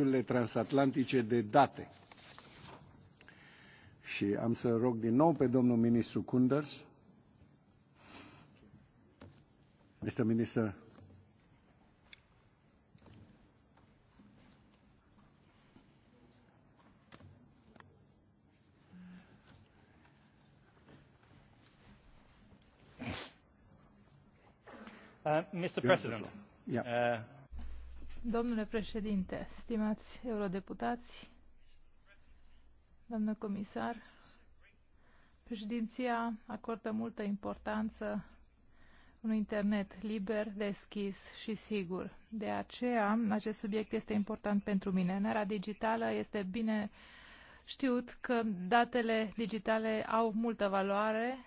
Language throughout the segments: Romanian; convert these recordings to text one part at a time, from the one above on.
schimburile transatlantice de date. Și am să rog din nou pe domnul ministru Kunders. Mr. Minister, Uh, mr president yeah. uh, Domnule președinte, stimați eurodeputați, domnule comisar, președinția acordă multă importanță unui internet liber, deschis și sigur. De aceea, acest subiect este important pentru mine. În era digitală este bine știut că datele digitale au multă valoare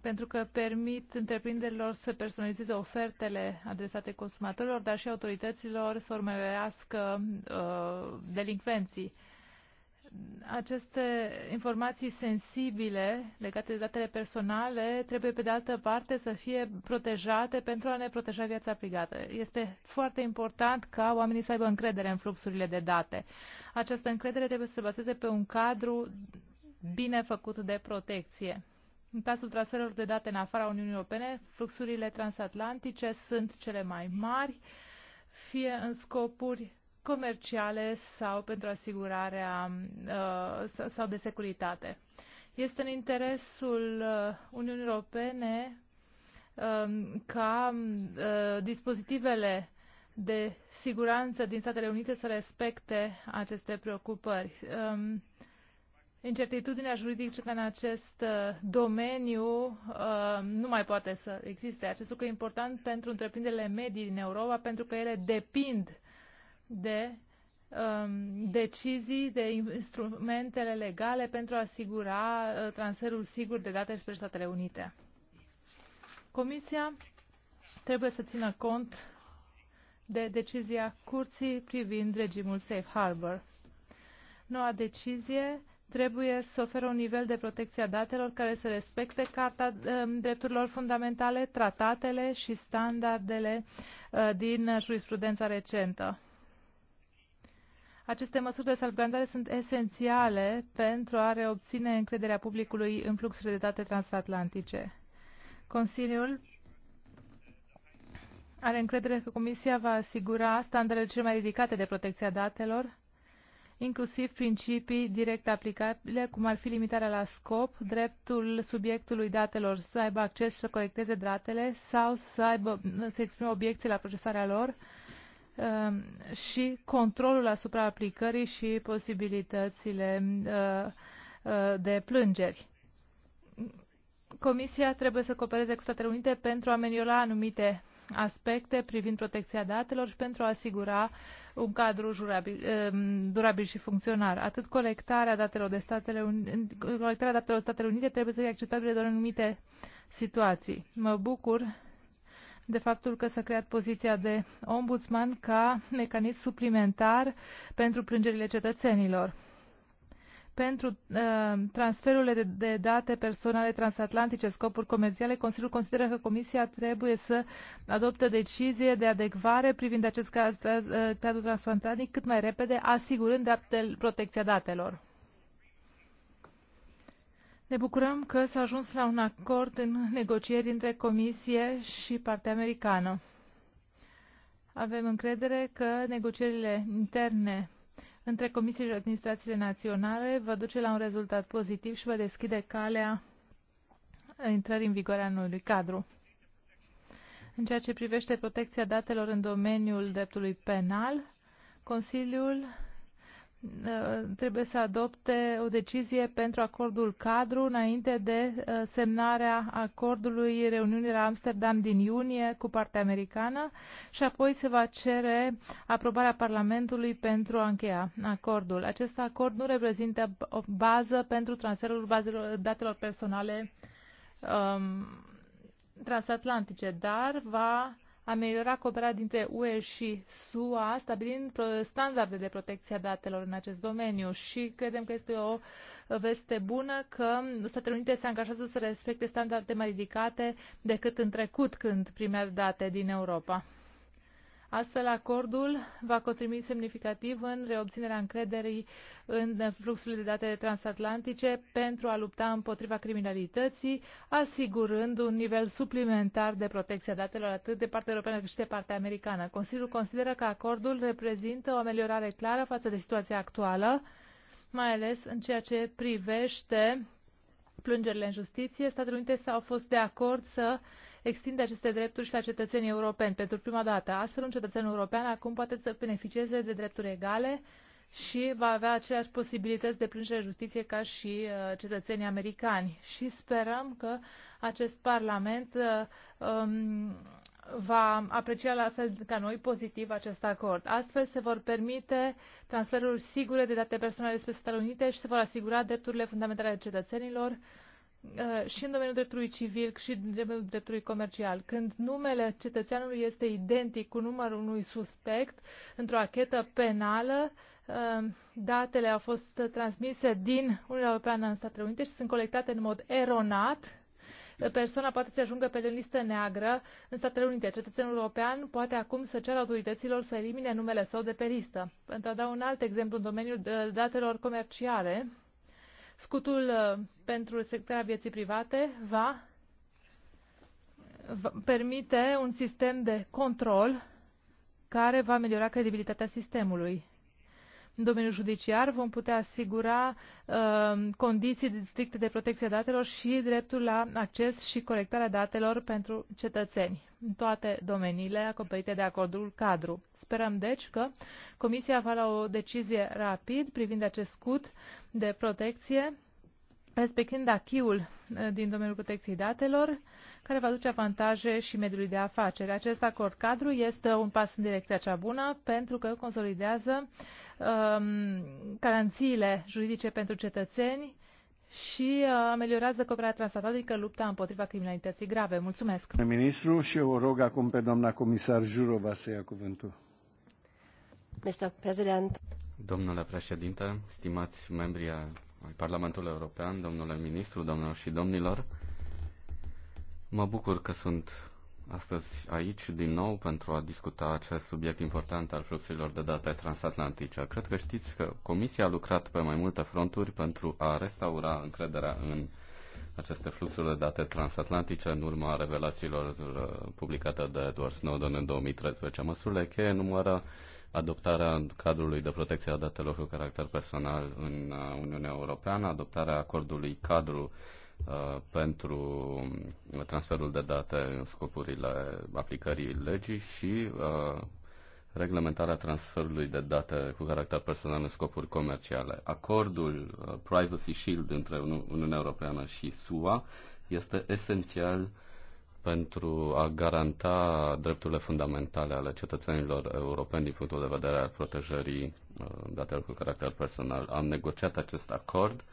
pentru că permit întreprinderilor să personalizeze ofertele adresate consumatorilor, dar și autorităților să urmărească uh, delincvenții. Aceste informații sensibile legate de datele personale trebuie, pe de altă parte, să fie protejate pentru a ne proteja viața privată. Este foarte important ca oamenii să aibă încredere în fluxurile de date. Această încredere trebuie să se bazeze pe un cadru bine făcut de protecție în cazul traselor de date în afara Uniunii Europene, fluxurile transatlantice sunt cele mai mari, fie în scopuri comerciale sau pentru asigurarea uh, sau de securitate. Este în interesul uh, Uniunii Europene um, ca uh, dispozitivele de siguranță din Statele Unite să respecte aceste preocupări. Um, Incertitudinea juridică în acest uh, domeniu uh, nu mai poate să existe. Acest lucru e important pentru întreprinderile medii din Europa, pentru că ele depind de um, decizii, de instrumentele legale pentru a asigura uh, transferul sigur de date spre Statele Unite. Comisia trebuie să țină cont de decizia curții privind regimul Safe Harbor. Noua decizie trebuie să oferă un nivel de protecție a datelor care să respecte Carta um, Drepturilor Fundamentale, tratatele și standardele uh, din jurisprudența recentă. Aceste măsuri de salvgandare sunt esențiale pentru a reobține încrederea publicului în fluxurile de date transatlantice. Consiliul are încredere că Comisia va asigura standardele cele mai ridicate de protecția datelor inclusiv principii direct aplicabile, cum ar fi limitarea la scop, dreptul subiectului datelor să aibă acces să colecteze datele sau să, aibă, să exprime obiecții la procesarea lor um, și controlul asupra aplicării și posibilitățile uh, uh, de plângeri. Comisia trebuie să coopereze cu Statele Unite pentru a ameliora anumite aspecte privind protecția datelor și pentru a asigura un cadru jurabil, um, durabil și funcțional. Atât colectarea datelor, de Statele Unite, colectarea datelor Statele Unite trebuie să fie acceptabile doar în anumite situații. Mă bucur de faptul că s-a creat poziția de ombudsman ca mecanism suplimentar pentru plângerile cetățenilor pentru uh, transferurile de, de date personale transatlantice, scopuri comerciale, Consiliul consideră că Comisia trebuie să adopte decizie de adecvare privind acest caz, uh, cadru transatlantic cât mai repede, asigurând protecția datelor. Ne bucurăm că s-a ajuns la un acord în negocieri între Comisie și partea americană. Avem încredere că negocierile interne între Comisie și administrațiile naționale va duce la un rezultat pozitiv și va deschide calea intrării în vigoare a noului cadru. În ceea ce privește protecția datelor în domeniul dreptului penal, Consiliul Uh, trebuie să adopte o decizie pentru acordul cadru înainte de uh, semnarea acordului reuniunii la Amsterdam din iunie cu partea americană și apoi se va cere aprobarea Parlamentului pentru a încheia acordul. Acest acord nu reprezintă o bază pentru transferul bazelor, datelor personale um, transatlantice, dar va ameliora cooperarea dintre UE și SUA, stabilind standarde de protecție a datelor în acest domeniu și credem că este o veste bună că Statele Unite se angajează să respecte standarde mai ridicate decât în trecut când primea date din Europa. Astfel, acordul va contribui semnificativ în reobținerea încrederii în fluxurile de date transatlantice pentru a lupta împotriva criminalității, asigurând un nivel suplimentar de protecție a datelor atât de partea europeană cât și de partea americană. Consiliul consideră că acordul reprezintă o ameliorare clară față de situația actuală, mai ales în ceea ce privește plângerile în justiție. Statele Unite s-au fost de acord să extinde aceste drepturi și la cetățenii europeni pentru prima dată. Astfel, un cetățean european acum poate să beneficieze de drepturi egale și va avea aceleași posibilități de plângere justiție ca și uh, cetățenii americani. Și sperăm că acest Parlament uh, um, va aprecia la fel ca noi pozitiv acest acord. Astfel se vor permite transferuri sigure de date personale spre Statele Unite și se vor asigura drepturile fundamentale ale cetățenilor, Uh, și în domeniul dreptului civil și în domeniul dreptului comercial. Când numele cetățeanului este identic cu numărul unui suspect într-o achetă penală, uh, datele au fost transmise din Uniunea Europeană în Statele Unite și sunt colectate în mod eronat. Persoana poate să ajungă pe listă neagră în Statele Unite. Cetățenul european poate acum să ceară autorităților să elimine numele său de pe listă. Pentru a da un alt exemplu în domeniul uh, datelor comerciale, Scutul uh, pentru respectarea vieții private va permite un sistem de control care va ameliora credibilitatea sistemului în domeniul judiciar, vom putea asigura uh, condiții stricte de protecție a datelor și dreptul la acces și colectarea datelor pentru cetățeni în toate domeniile acoperite de acordul cadru. Sperăm deci că Comisia va lua o decizie rapid privind acest scut de protecție respectând achiul eh, din domeniul protecției datelor, care va aduce avantaje și mediului de afaceri. Acest acord cadru este un pas în direcția cea bună pentru că consolidează um, garanțiile juridice pentru cetățeni și eh, ameliorează cooperarea transatlantică lupta împotriva criminalității grave. Mulțumesc. Ministru, și eu o rog acum pe doamna comisar Jurova să ia cuvântul. Mr. President. Domnule președinte, stimați membri ai Parlamentului European, domnule ministru, domnilor și domnilor. Mă bucur că sunt astăzi aici din nou pentru a discuta acest subiect important al fluxurilor de date transatlantice. Cred că știți că Comisia a lucrat pe mai multe fronturi pentru a restaura încrederea în aceste fluxuri de date transatlantice în urma revelațiilor uh, publicate de Edward Snowden în 2013. Măsurile cheie numără adoptarea cadrului de protecție a datelor cu caracter personal în uh, Uniunea Europeană, adoptarea acordului cadru uh, pentru transferul de date în scopurile aplicării legii și uh, reglementarea transferului de date cu caracter personal în scopuri comerciale. Acordul Privacy Shield între Uniunea Europeană și SUA este esențial pentru a garanta drepturile fundamentale ale cetățenilor europeni din punctul de vedere al protejării uh, datelor cu caracter personal. Am negociat acest acord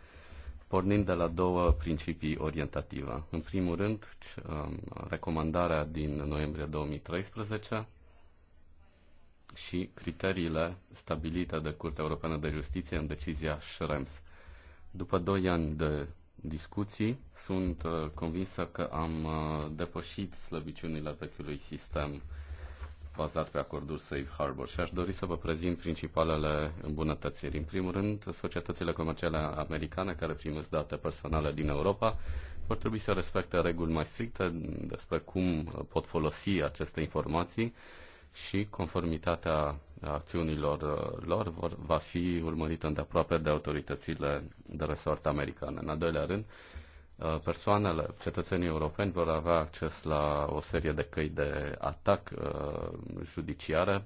pornind de la două principii orientative. În primul rând, um, recomandarea din noiembrie 2013 și criteriile stabilite de Curtea Europeană de Justiție în decizia Schrems. După doi ani de discuții. Sunt uh, convinsă că am uh, depășit slăbiciunile vechiului sistem bazat pe acordul Safe Harbor și aș dori să vă prezint principalele îmbunătățiri. În primul rând, societățile comerciale americane care primesc date personale din Europa vor trebui să respecte reguli mai stricte despre cum pot folosi aceste informații și conformitatea acțiunilor uh, lor vor, va fi urmărită îndeaproape de autoritățile de resort americane. În al doilea rând, uh, persoanele, cetățenii europeni vor avea acces la o serie de căi de atac uh, judiciare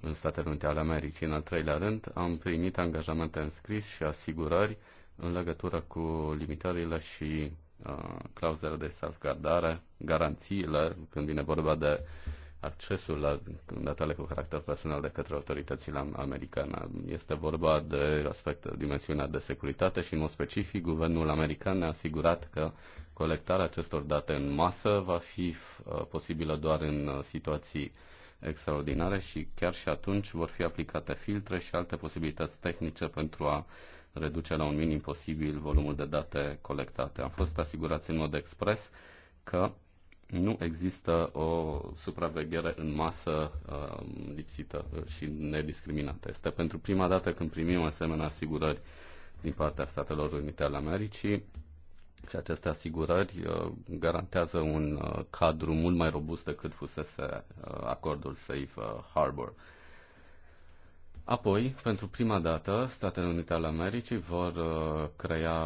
în Statele Unite ale Americii. În al treilea rând, am primit angajamente în scris și asigurări în legătură cu limitările și uh, clauzele de salvgardare, garanțiile când vine vorba de uh, accesul la datele cu caracter personal de către autoritățile americane. Este vorba de aspect, dimensiunea de securitate și, în mod specific, guvernul american ne-a asigurat că colectarea acestor date în masă va fi uh, posibilă doar în uh, situații extraordinare și chiar și atunci vor fi aplicate filtre și alte posibilități tehnice pentru a reduce la un minim posibil volumul de date colectate. Am fost asigurați în mod expres că nu există o supraveghere în masă uh, lipsită și nediscriminată. Este pentru prima dată când primim asemenea asigurări din partea Statelor Unite ale Americii și aceste asigurări uh, garantează un uh, cadru mult mai robust decât fusese uh, acordul Safe uh, Harbor. Uh, Apoi, pentru prima dată, Statele Unite ale Americii vor uh, crea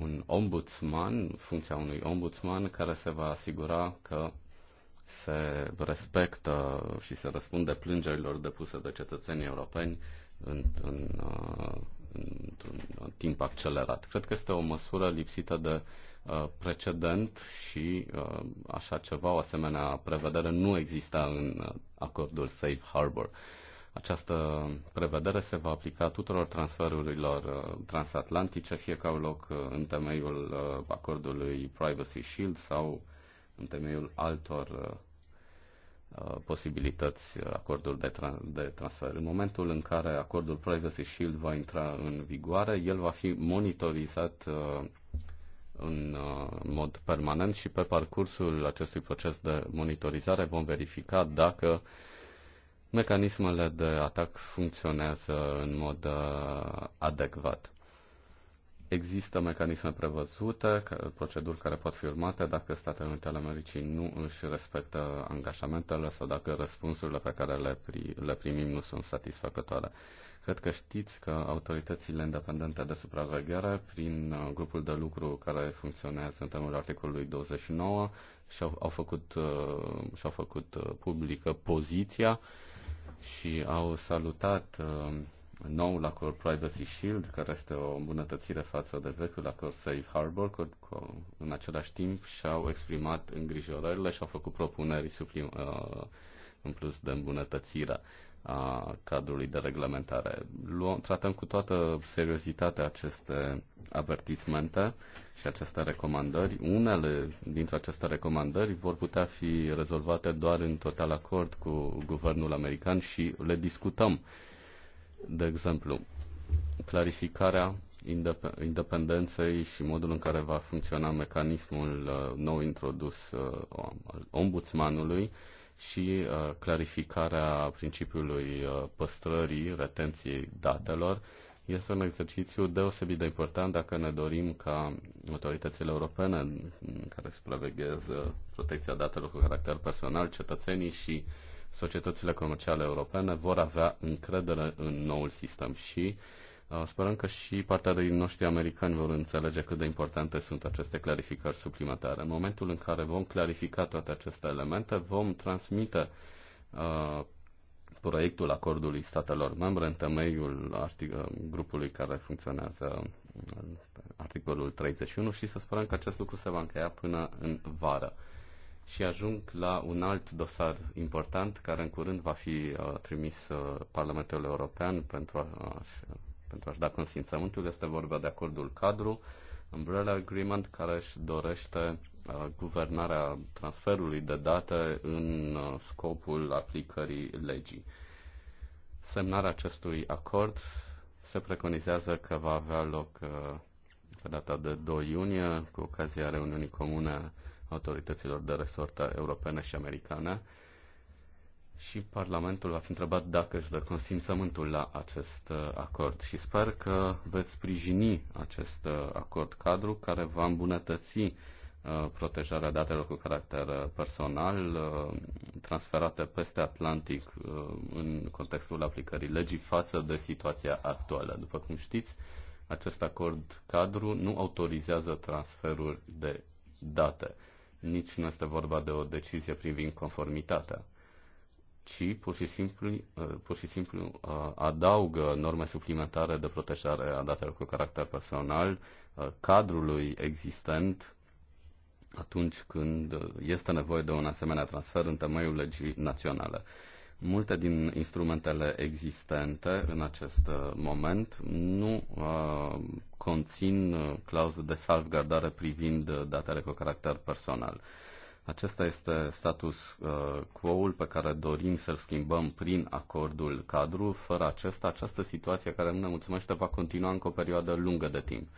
un ombudsman, funcția unui ombudsman, care se va asigura că se respectă și se răspunde plângerilor depuse de cetățenii europeni în, în, uh, într-un timp accelerat. Cred că este o măsură lipsită de uh, precedent și așa ceva, o asemenea prevedere nu exista în acordul Safe Harbor. Această prevedere se va aplica tuturor transferurilor uh, transatlantice, fie că au loc uh, în temeiul uh, acordului Privacy Shield sau în temeiul altor posibilități acordul de, tra- de transfer. În momentul în care acordul Privacy Shield va intra în vigoare, el va fi monitorizat în mod permanent și pe parcursul acestui proces de monitorizare vom verifica dacă uh, mecanismele de atac funcționează în mod uh, adecvat. Există mecanisme prevăzute, proceduri care pot fi urmate dacă Statele Unite ale Americii nu își respectă angajamentele sau dacă răspunsurile pe care le, pri, le primim nu sunt satisfăcătoare. Cred că știți că autoritățile independente de supraveghere, prin uh, grupul de lucru care funcționează în temul articolului 29, și-au, au făcut, uh, și-au făcut publică poziția uh, și au salutat uh, noul acord Privacy Shield, care este o îmbunătățire față de vechiul acord Safe Harbor, cu, cu, în același timp și-au exprimat îngrijorările și au făcut propuneri suplim, uh, în plus de îmbunătățire a cadrului de reglementare. Luăm, tratăm cu toată seriozitatea aceste avertismente și aceste recomandări. Unele dintre aceste recomandări vor putea fi rezolvate doar în total acord cu guvernul american și le discutăm. De exemplu, clarificarea independenței și modul în care va funcționa mecanismul uh, nou introdus uh, al ombudsmanului, și uh, clarificarea principiului uh, păstrării, retenției datelor. Este un exercițiu deosebit de important dacă ne dorim ca autoritățile europene care supraveghează protecția datelor cu caracter personal, cetățenii și societățile comerciale europene vor avea încredere în noul sistem și uh, Uh, sperăm că și partenerii noștri americani vor înțelege cât de importante sunt aceste clarificări suplimentare. În momentul în care vom clarifica toate aceste elemente, vom transmite uh, proiectul acordului statelor membre în temeiul uh, grupului care funcționează articolul 31 și să sperăm că acest lucru se va încheia până în vară. Și ajung la un alt dosar important care în curând va fi trimis Parlamentului European pentru a pentru a-și da consimțământul. Este vorba de acordul cadru, Umbrella Agreement, care își dorește uh, guvernarea transferului de date în uh, scopul aplicării legii. Semnarea acestui acord se preconizează că va avea loc uh, pe data de 2 iunie, cu ocazia reuniunii comune autorităților de resortă europene și americane și Parlamentul va fi întrebat dacă își dă consimțământul la acest uh, acord și sper că veți sprijini acest uh, acord cadru care va îmbunătăți uh, protejarea datelor cu caracter personal transferate peste Atlantic în contextul aplicării legii față de situația actuală. După cum știți, acest acord cadru nu autorizează transferul de date. Nici nu este vorba de o decizie privind conformitatea ci pur și simplu, uh, pur și simplu uh, adaugă norme suplimentare de protejare a datelor cu caracter personal uh, cadrului existent atunci când este nevoie de un asemenea transfer în temeiul legii naționale. Multe din instrumentele existente în acest moment nu uh, conțin clauze de salvgardare privind datele cu caracter personal. Uh, acesta este status uh, quo-ul pe care dorim să-l schimbăm prin acordul cadru. Fără acesta, această situație care nu ne mulțumește va continua încă o perioadă lungă de timp.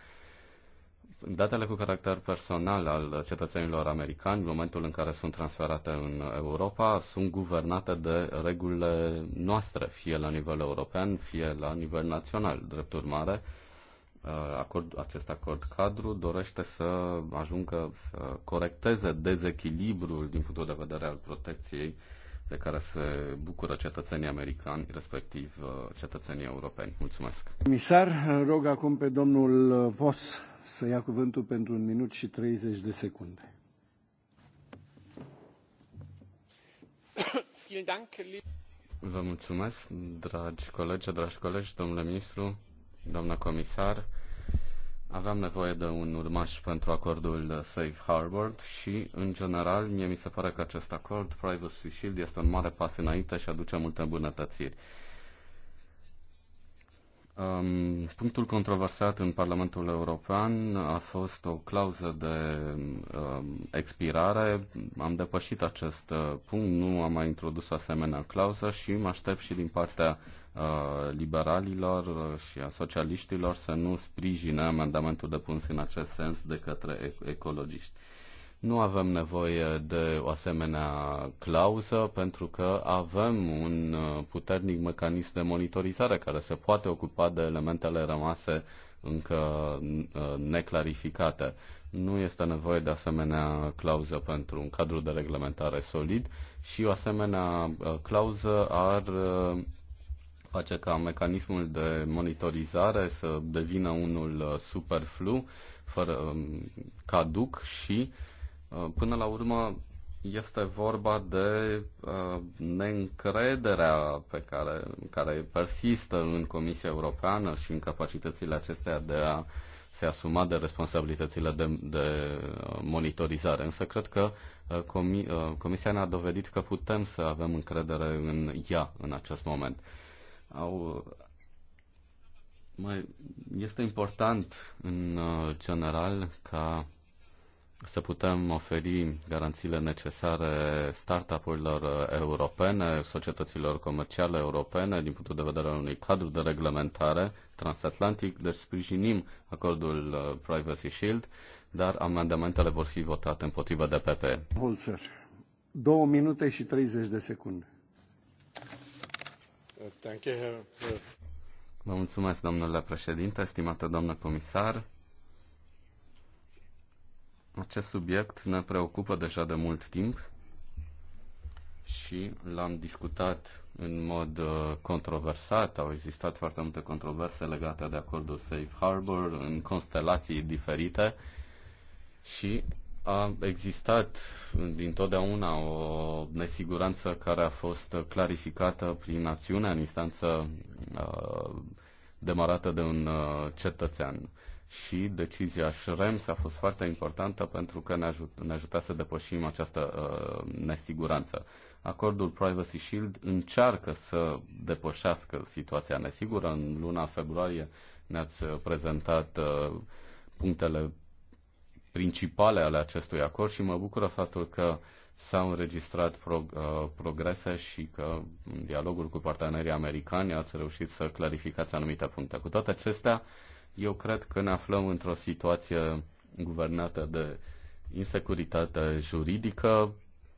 Datele cu caracter personal al cetățenilor americani, în momentul în care sunt transferate în Europa, sunt guvernate de regulile noastre, fie la nivel european, fie la nivel național. Drept urmare, Uh, acord, acest acord cadru dorește să ajungă să corecteze dezechilibrul din punctul de vedere al protecției de care se bucură cetățenii americani, respectiv uh, cetățenii europeni. Mulțumesc. Comisar, rog acum pe domnul Vos să ia cuvântul pentru un minut și 30 de secunde. Vă mulțumesc, dragi colegi, dragi colegi, domnule ministru, doamna comisar. Aveam nevoie de un urmaș pentru acordul Safe Harbor și, în general, mie mi se pare că acest acord, Privacy Shield, este un mare pas înainte și aduce multe îmbunătățiri. Um, punctul controversat în Parlamentul European a fost o clauză de um, expirare. Am depășit acest uh, punct, nu am mai introdus o asemenea clauză și mă aștept și din partea uh, Uh, liberalilor și a socialiștilor să nu sprijine amendamentul depus în acest sens de către ecologiști. Nu avem nevoie de o asemenea clauză pentru că avem un uh, puternic mecanism de monitorizare care se poate ocupa de elementele rămase încă uh, neclarificate. Nu este nevoie de asemenea clauză pentru un cadru de reglementare solid și o asemenea clauză ar face ca mecanismul de monitorizare să devină unul uh, superflu, fără um, caduc și uh, până la urmă este vorba de uh, neîncrederea pe care, care persistă în Comisia Europeană și în capacitățile acestea de a se asuma de responsabilitățile de, de monitorizare. Însă cred că comi, Comisia ne-a dovedit că putem să avem încredere în ea în acest moment. Uh, au, mai, este important în uh, general ca să putem oferi garanțiile necesare startup-urilor uh, europene, societăților comerciale europene, din punctul de vedere al unui cadru de reglementare transatlantic, deci sprijinim acordul uh, Privacy Shield, dar amendamentele vor fi votate împotriva de PP. Holzer, două minute și 30 de secunde. Vă mulțumesc, domnule președinte, stimată doamnă comisar. Acest subiect ne preocupă deja de mult timp și l-am discutat în mod uh, controversat. Au existat foarte multe controverse legate de acordul Safe Harbor în constelații diferite și a existat dintotdeauna o nesiguranță care a fost clarificată prin acțiunea în instanță demarată de un cetățean. Și decizia Schrems a fost foarte importantă pentru că ne, ajut, ne ajuta să depășim această uh, nesiguranță. Acordul Privacy Shield încearcă să depășească situația nesigură. În luna februarie ne-ați prezentat uh, punctele principale ale acestui acord și mă bucură faptul că s-au înregistrat prog- uh, progrese și că în dialogul cu partenerii americani ați reușit să clarificați anumite puncte. Cu toate acestea, eu cred că ne aflăm într-o situație guvernată de insecuritate juridică,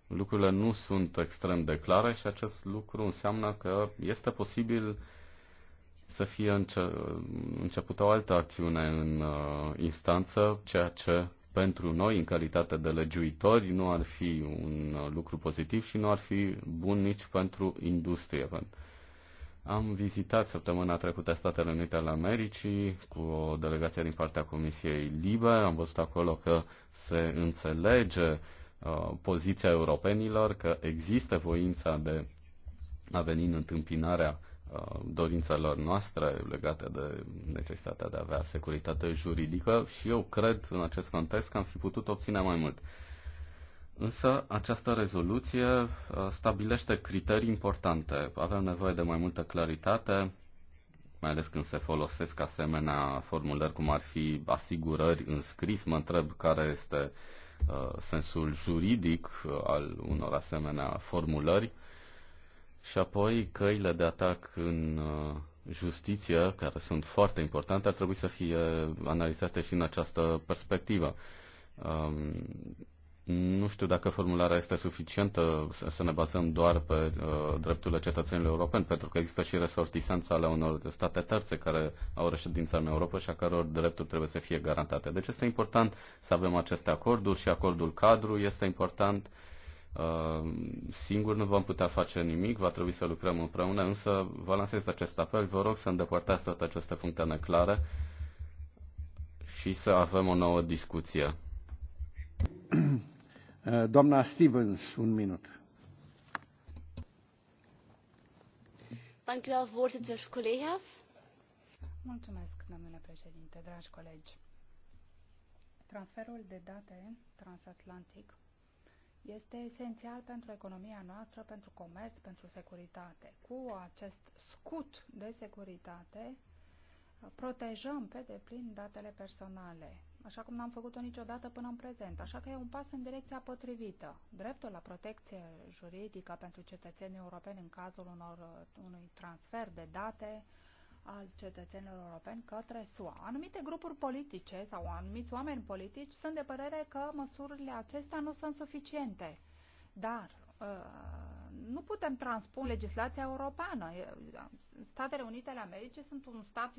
lucrurile nu sunt extrem de clare și acest lucru înseamnă că este posibil să fie înce- începută o altă acțiune în uh, instanță, ceea ce pentru noi în calitate de legiuitori nu ar fi un lucru pozitiv și nu ar fi bun nici pentru industrie. Am vizitat săptămâna trecută Statele Unite ale Americii cu o delegație din partea Comisiei Libe. Am văzut acolo că se înțelege uh, poziția europenilor, că există voința de a veni în întâmpinarea Uh, dorințelor noastre legate de necesitatea de a avea securitate juridică și eu cred în acest context că am fi putut obține mai mult. Însă această rezoluție uh, stabilește criterii importante. Avem nevoie de mai multă claritate, mai ales când se folosesc asemenea formulări cum ar fi asigurări în scris. Mă întreb care este uh, sensul juridic al unor asemenea formulări și apoi căile de atac în uh, justiție, care sunt foarte importante, ar trebui să fie analizate și în această perspectivă. Um, nu știu dacă formularea este suficientă să ne bazăm doar pe uh, drepturile cetățenilor europeni, pentru că există și resortisanța ale unor state terțe care au reședința în Europa și a căror drepturi trebuie să fie garantate. Deci este important să avem aceste acorduri și acordul cadru este important uh, Uh, singur nu vom putea face nimic, va trebui să lucrăm împreună, însă vă lansez acest apel, vă rog să îndepărtați toate aceste puncte neclare și să avem o nouă discuție. Uh, doamna Stevens, un minut. Mulțumesc, domnule președinte, dragi colegi. Transferul de date transatlantic este esențial pentru economia noastră, pentru comerț, pentru securitate. Cu acest scut de securitate protejăm pe deplin datele personale, așa cum n-am făcut-o niciodată până în prezent. Așa că e un pas în direcția potrivită. Dreptul la protecție juridică pentru cetățenii europeni în cazul unor, unui transfer de date al cetățenilor europeni către SUA. Anumite grupuri politice sau anumiți oameni politici sunt de părere că măsurile acestea nu sunt suficiente. Dar uh, nu putem transpune legislația europeană. Statele Unite ale Americii sunt un stat,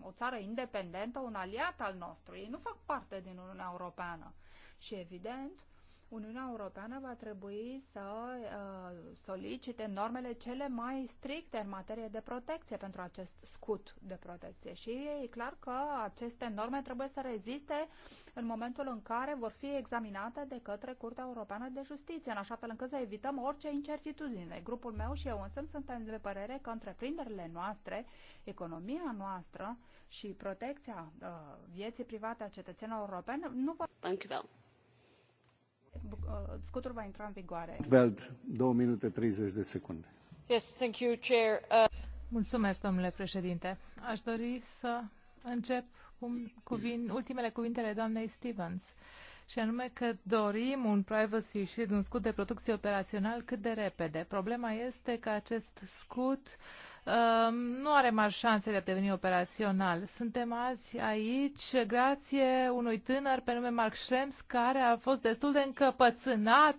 o țară independentă, un aliat al nostru. Ei nu fac parte din Uniunea Europeană. Și evident, uh, Uniunea Europeană va trebui să uh, solicite normele cele mai stricte în materie de protecție pentru acest scut de protecție și e clar că aceste norme trebuie să reziste în momentul în care vor fi examinate de către Curtea Europeană de Justiție, în așa fel încât să evităm orice incertitudine. Grupul meu și eu însă suntem de părere că întreprinderile noastre, economia noastră și protecția uh, vieții private a cetățenilor europeni nu vor... Uh, scutul va intra în vigoare. Belt, 2 minute 30 de secunde. Yes, thank you, Chair. Uh... Mulțumesc, domnule președinte. Aș dori să încep cu cuvin, ultimele cuvintele doamnei Stevens și anume că dorim un privacy și un scut de protecție operațional cât de repede. Problema este că acest scut uh, Ehm, nu are mari șanse de a deveni operațional. Suntem azi aici grație unui tânăr pe nume Mark Schrems, care a fost destul de încăpățânat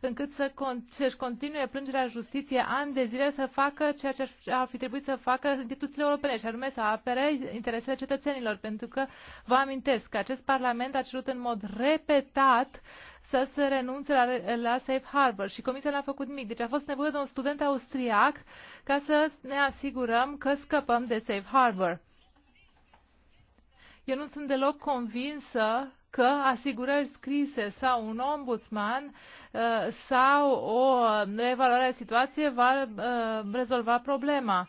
încât să con- să-și continue plângerea Justiției, ani de zile să facă ceea ce ar fi trebuit să facă instituțiile europene, și anume să apere interesele cetățenilor, pentru că vă amintesc că acest Parlament a cerut în mod repetat uh, să se renunțe la, la safe harbor și comisia n-a făcut nimic. Deci a fost nevoie de un student austriac ca să ne asigurăm că scăpăm de safe harbor. Eu nu sunt deloc convinsă că asigurări scrise sau un ombudsman uh, sau o uh, reevaluare a situației va uh, rezolva problema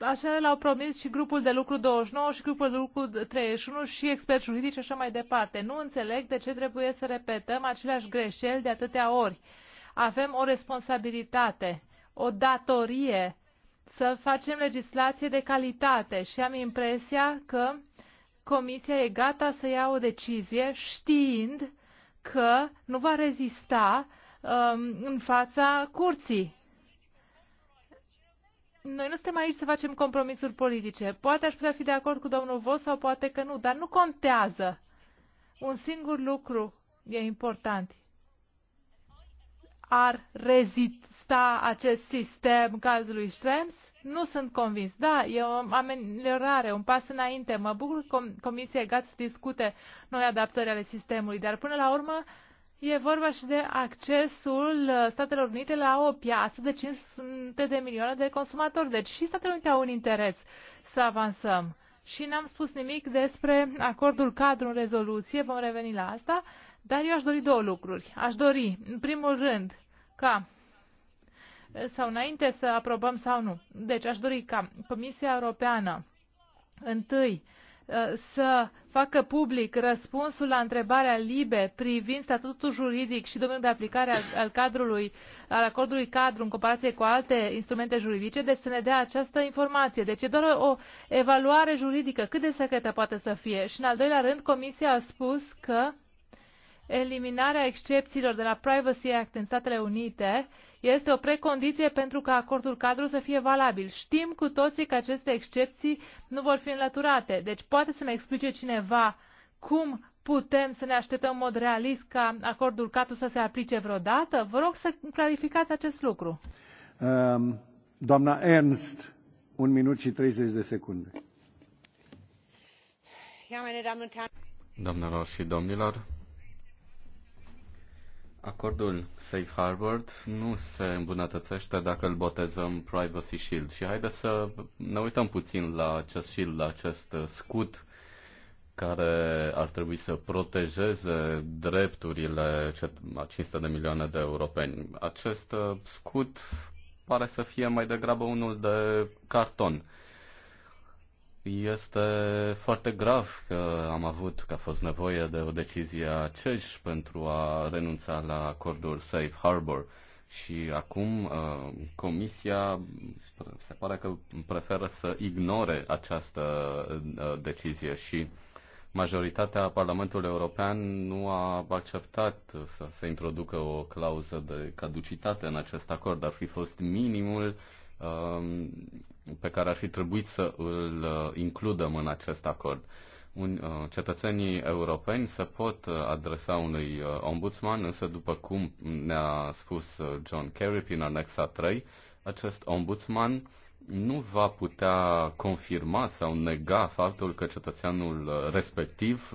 Așa l-au promis și grupul de lucru 29 și grupul de lucru 31 și experți juridici și așa mai departe. Nu înțeleg de ce trebuie să repetăm aceleași greșeli de atâtea ori. Avem o responsabilitate, o datorie să facem legislație de calitate și am impresia că Comisia e gata să ia o decizie știind că nu va rezista um, în fața curții noi nu suntem aici să facem compromisuri politice. Poate aș putea fi de acord cu domnul Vos sau poate că nu, dar nu contează. Un singur lucru e important. Ar rezista acest sistem cazului Schrems? Nu sunt convins. Da, e o ameliorare, un pas înainte. Mă bucur că Comisia e gata să discute noi adaptări ale sistemului, dar până la urmă E vorba și de accesul uh, Statelor Unite la o piață de 500 de milioane de consumatori. Deci și Statele Unite au un interes să avansăm. Și n-am spus nimic despre acordul cadru în rezoluție, vom reveni la asta, dar eu aș dori două lucruri. Aș dori, în primul rând, ca uh, sau înainte să aprobăm sau nu. Deci aș dori ca Comisia Europeană întâi uh, Uh, să facă public răspunsul la întrebarea LIBE privind statutul juridic și domeniul de aplicare al, cadrului, al acordului cadru în comparație cu alte instrumente juridice, deci să ne dea această informație. Deci e doar o evaluare juridică, cât de secretă poate să fie. Și în al doilea rând, Comisia a spus că eliminarea excepțiilor de la Privacy Act în Statele Unite este o precondiție pentru ca acordul cadru să fie valabil. Știm cu toții că aceste excepții nu vor fi înlăturate. Deci poate să ne explice cineva cum putem să ne așteptăm în mod realist ca acordul cadru să se aplice vreodată? Vă rog să clarificați acest lucru. Um, doamna Ernst, un minut și 30 de secunde. Doamnelor și domnilor, Acordul Safe Harbor nu se îmbunătățește dacă îl botezăm Privacy Shield. Și haideți să ne uităm puțin la acest shield, la acest scut care ar trebui să protejeze drepturile a 500 de milioane de europeni. Acest scut pare să fie mai degrabă unul de carton este foarte grav că am avut, că a fost nevoie de o decizie a CEJ pentru a renunța la acordul Safe Harbor și acum uh, Comisia se pare că preferă să ignore această uh, decizie și majoritatea Parlamentului European nu a acceptat să se introducă o clauză de caducitate în acest acord. Ar fi fost minimul uh, Um, pe care ar fi trebuit să îl uh, includem în acest acord. Un, uh, cetățenii europeni se pot uh, adresa unui ombudsman, însă după cum ne-a spus John Kerry prin anexa 3, acest ombudsman nu va putea confirma sau nega faptul că cetățeanul respectiv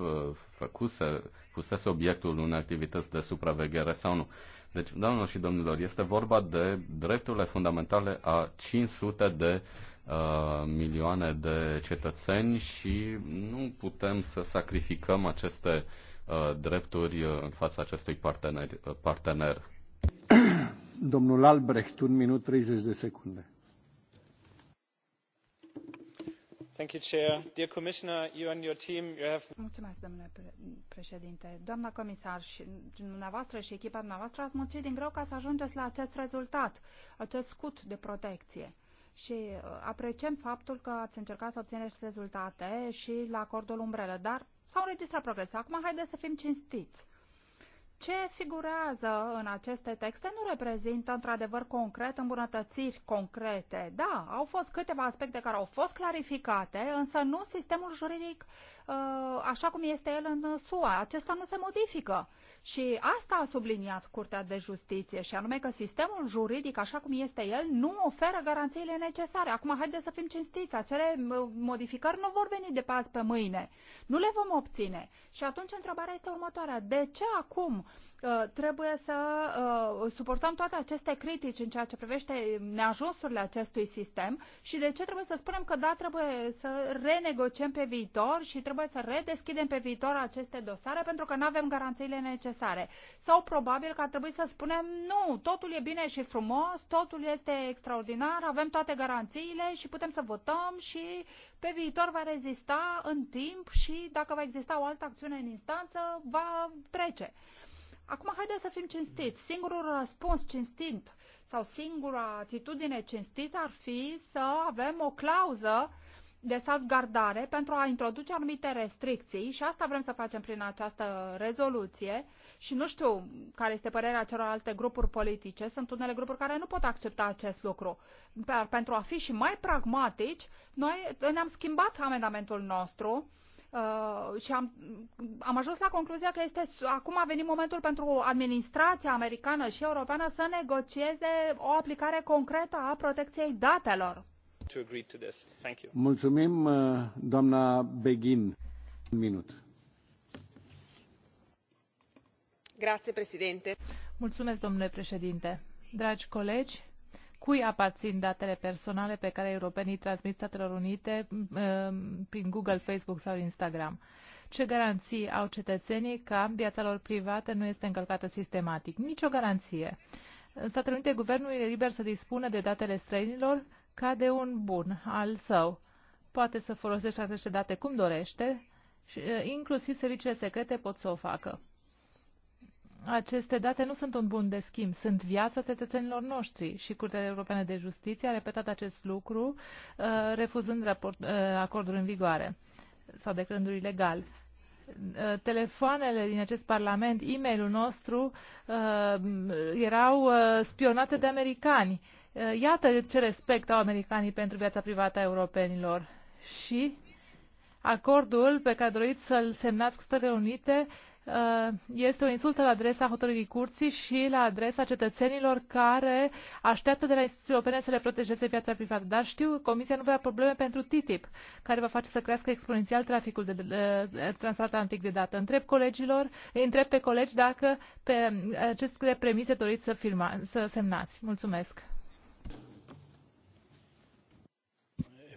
făcuse, fusese obiectul unei activități de supraveghere sau nu. Deci, doamnelor și domnilor, este vorba de drepturile fundamentale a 500 de uh, milioane de cetățeni și nu putem să sacrificăm aceste uh, drepturi uh, în fața acestui partener. Uh, partener. Domnul Albrecht, un minut 30 de secunde. Mulțumesc, domnule președinte doamnă comisar dumneavoastră și echipa dumneavoastră ați muncit din greu ca să ajungeți la acest rezultat acest scut de protecție și uh, apreciem faptul că ați încercat să obțineți rezultate și la acordul umbrelă dar s-au înregistrat progrese. Acum haideți să fim cinstiți ce figurează în aceste texte nu reprezintă într-adevăr concret îmbunătățiri concrete. Da, au fost câteva aspecte care au fost clarificate, însă nu sistemul juridic Uh, așa cum este el în SUA. Acesta nu se modifică. Și asta a subliniat Curtea de Justiție, și anume că sistemul juridic, așa cum este el, nu oferă garanțiile necesare. Acum, haideți să fim cinstiți. Acele uh, modificări nu vor veni de pas pe mâine. Nu le vom obține. Și atunci întrebarea este următoarea. De ce acum uh, trebuie să suportăm toate aceste critici în ceea ce privește neajunsurile acestui sistem și de ce trebuie să spunem că da, trebuie să renegociem pe viitor și trebuie trebuie să redeschidem pe viitor aceste dosare pentru că nu avem garanțiile necesare. Sau probabil că ar trebui să spunem nu, totul e bine și frumos, totul este extraordinar, avem toate garanțiile și putem să votăm și pe viitor va rezista în timp și dacă va exista o altă acțiune în instanță, va trece. Acum, haideți să fim cinstiți. Singurul răspuns cinstit sau singura atitudine cinstită ar fi să avem o clauză de salvgardare pentru a introduce anumite restricții și asta vrem să facem prin această rezoluție și nu știu care este părerea celorlalte grupuri politice. Sunt unele grupuri care nu pot accepta acest lucru. Pentru a fi și mai pragmatici, noi ne-am schimbat amendamentul nostru Uh, și am, am ajuns la concluzia că este acum a venit momentul pentru administrația americană și europeană să negocieze o aplicare concretă a protecției datelor to agree to this. Thank you. Mulțumim, uh, doamna Begin. Un minut. Grazie, Mulțumesc, domnule președinte. Dragi colegi, cui aparțin datele personale pe care europenii transmit Statelor Unite uh, prin Google, Facebook sau Instagram? Ce garanții au cetățenii că viața lor privată nu este încălcată sistematic? Nicio garanție. În Statele Unite, guvernul e liber să dispună de datele străinilor ca de un bun al său. Poate să folosești aceste date cum dorește și inclusiv serviciile secrete pot să o facă. Aceste date nu sunt un bun de schimb, sunt viața cetățenilor noștri și Curtea Europeană de Justiție a repetat acest lucru refuzând raport, acordul în vigoare sau decrândul ilegal telefoanele din acest Parlament, e-mailul nostru, erau spionate de americani. Eh, iată ce respect au americanii pentru viața privată a europenilor. Și acordul pe care doriți să-l semnați cu Statele Unite eh, este o insultă la adresa hotărârii curții și la adresa cetățenilor care așteaptă de la instituții europene să le protejeze viața privată. Dar știu, Comisia nu vrea probleme pentru TTIP, care va face să crească exponențial traficul de, de, transatlantic de dată. Întreb colegilor, întreb pe colegi dacă pe aceste premise doriți să, firma, să semnați. Mulțumesc.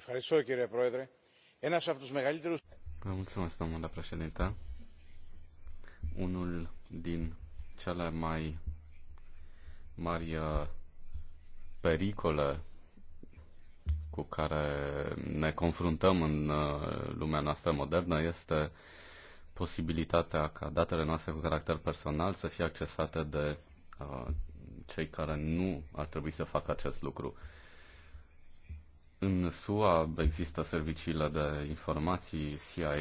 Vă mulțumesc, domnule președinte. Unul din cele mai mari uh, pericole cu care ne confruntăm în uh, lumea noastră modernă este posibilitatea ca datele noastre cu caracter personal să fie accesate de uh, cei care nu ar trebui să facă acest lucru. În SUA există serviciile de informații CIA,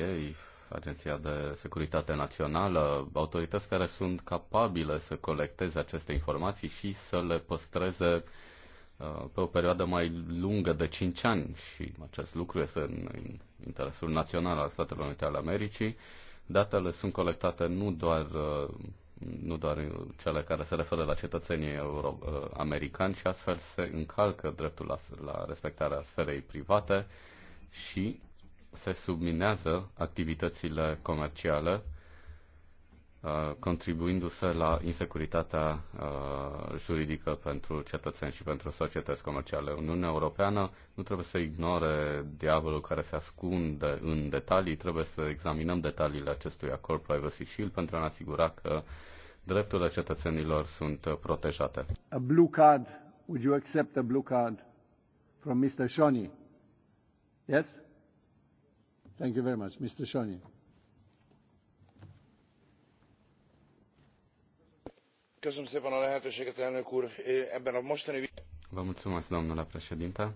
Agenția de Securitate Națională, autorități care sunt capabile să colecteze aceste informații și să le păstreze uh, pe o perioadă mai lungă de 5 ani și acest lucru este în interesul național al Statelor Unite ale Americii. Datele sunt colectate nu doar uh, nu doar cele care se referă la cetățenii euro- uh, americani și astfel se încalcă dreptul la, la respectarea sferei private și se subminează activitățile comerciale Uh, contribuindu-se la insecuritatea uh, juridică pentru cetățeni și pentru societăți comerciale. Uniunea Europeană nu trebuie să ignore diavolul care se ascunde în detalii, trebuie să examinăm detaliile acestui acord Privacy Shield pentru a ne asigura că drepturile cetățenilor sunt protejate. A blue card. Would you accept a blue card from Mr. Shoney? Yes? Thank you very much, Mr. Shoney. Vă mulțumesc, domnule președinte.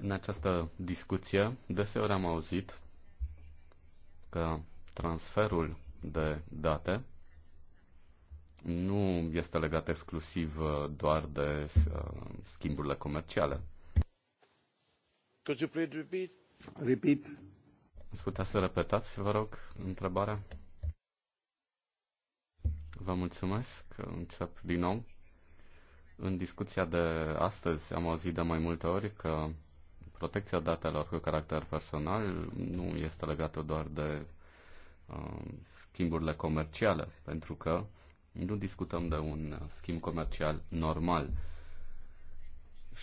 În această discuție, deseori am auzit că transferul de date nu este legat exclusiv uh, doar de uh, schimburile comerciale. Could you please repeat? Repeat. Ați putea să repetați, vă rog, întrebarea? Vă mulțumesc. Încep din nou. În discuția de astăzi am auzit de mai multe ori că protecția datelor cu caracter personal nu este legată doar de uh, schimburile comerciale, pentru că nu discutăm de un schimb comercial normal. Uh,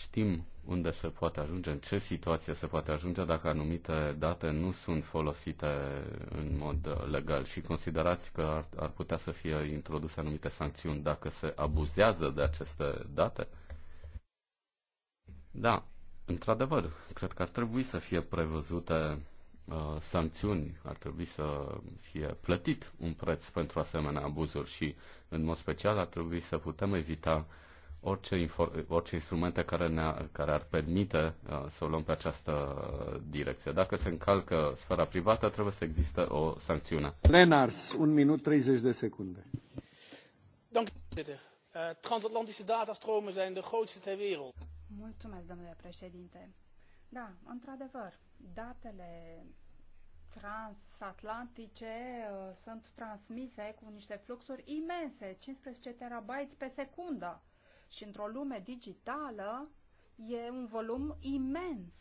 Știm unde se poate ajunge, în ce situație se poate ajunge dacă anumite date nu sunt folosite în mod legal și considerați că ar, ar putea să fie introduse anumite sancțiuni dacă se abuzează de aceste date? Da, într-adevăr, cred că ar trebui să fie prevăzute uh, sancțiuni, ar trebui să fie plătit un preț pentru asemenea abuzuri și, în mod special, ar trebui să putem evita uh, orice, orice instrumente care, ne care ar permite uh, să o luăm pe această direcție. Dacă se încalcă sfera privată, trebuie să existe o sancțiune. Lenars, un minut 30 de secunde. Dank eh, Transatlantische datastromen zijn de grootste ter wereld. Mulțumesc, domnule președinte. Da, într-adevăr, datele transatlantice uh, sunt transmise cu niște fluxuri imense, 15 terabytes pe secundă. Și într-o lume digitală e un volum imens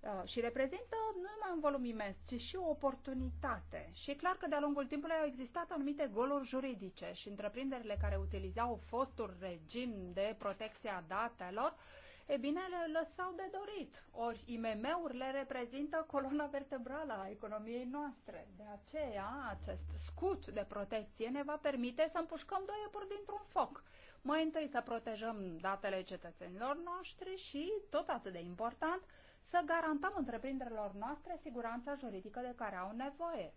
uh, și reprezintă nu numai un volum imens, ci și o oportunitate. Și e clar că de-a lungul timpului au existat anumite goluri juridice și întreprinderile care utilizau fostul regim de protecție a datelor e bine, le lăsau de dorit. Ori IMM-urile reprezintă coloana vertebrală a economiei noastre. De aceea, acest scut de protecție ne va permite să împușcăm doi iepuri dintr-un foc. Mai întâi să protejăm datele cetățenilor noștri și, tot atât de important, să garantăm întreprinderilor noastre siguranța juridică de care au nevoie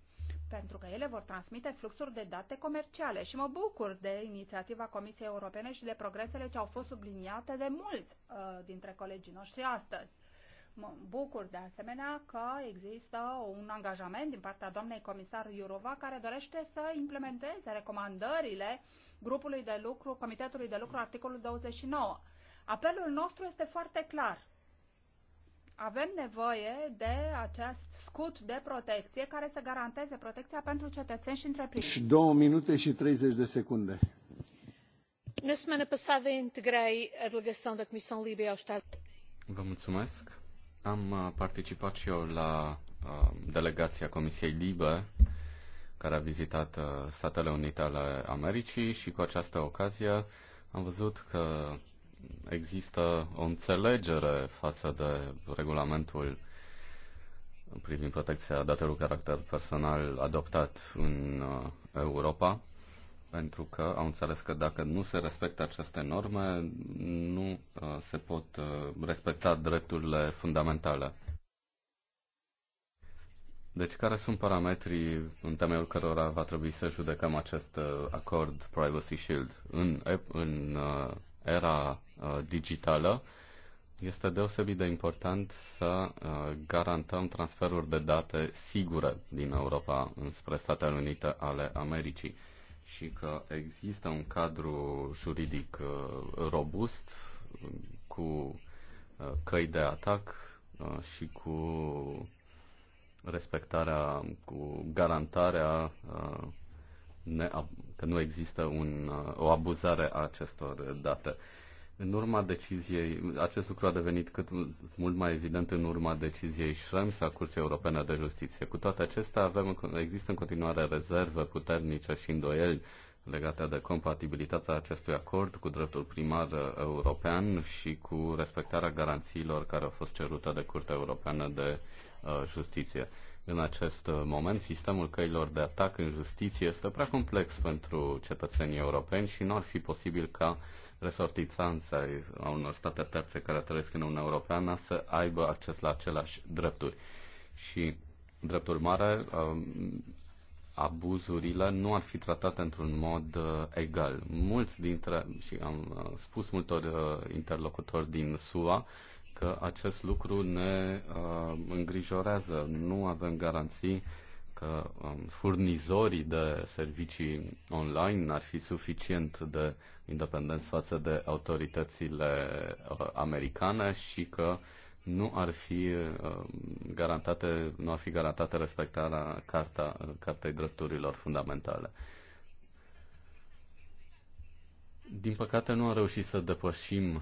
pentru că ele vor transmite fluxuri de date comerciale și mă bucur de inițiativa Comisiei Europene și de progresele ce au fost subliniate de mulți uh, dintre colegii noștri astăzi. Mă bucur de asemenea că există un angajament din partea doamnei comisar Iurova care dorește să implementeze recomandările grupului de lucru, Comitetului de lucru, articolul 29. Apelul nostru este foarte clar avem nevoie de acest scut de protecție care să garanteze protecția pentru cetățeni și întreprinderi. Și două minute și 30 de secunde. Na semana passada integrei a delegação da Comissão Libe ao Estado. Vă mulțumesc. Am uh, participat și eu la uh, delegația Comisiei Libe care a vizitat uh, Statele Unite ale Americii și cu această ocazie am văzut că există o înțelegere față de regulamentul privind protecția datelor caracter personal adoptat în uh, Europa, pentru că au înțeles că dacă nu se respectă aceste norme, nu uh, se pot uh, respecta drepturile fundamentale. Deci care sunt parametrii în temeiul cărora va trebui să judecăm acest acord Privacy Shield? În, în era uh, digitală, este deosebit de important să uh, garantăm transferuri de date sigure din Europa înspre Statele Unite ale Americii și că există un cadru juridic uh, robust cu căi de atac și cu respectarea, cu garantarea ne, că nu există un, uh, o abuzare a acestor date. În urma deciziei, acest lucru a devenit cât mult mai evident în urma deciziei Schrems a Curții Europene de Justiție. Cu toate acestea, avem, există în continuare rezerve puternice și îndoieli legate de compatibilitatea acestui acord cu dreptul primar uh, european și cu respectarea garanțiilor care au fost cerute de Curtea Europeană de uh, Justiție în acest moment. Sistemul căilor de atac în justiție este prea complex pentru cetățenii europeni și nu ar fi posibil ca resortițanța a unor state terțe care trăiesc în Uniunea Europeană să aibă acces la aceleași drepturi. Și, drept urmare, um, abuzurile nu ar fi tratate într-un mod uh, egal. Mulți dintre, și am uh, spus multor uh, interlocutori din SUA, că acest lucru ne uh, îngrijorează. Nu avem garanții că um, furnizorii de servicii online ar fi suficient de independenți față de autoritățile uh, americane și că nu ar fi uh, garantate, nu ar fi garantată respectarea carta, Cartei Drepturilor Fundamentale. Din păcate nu am reușit să depășim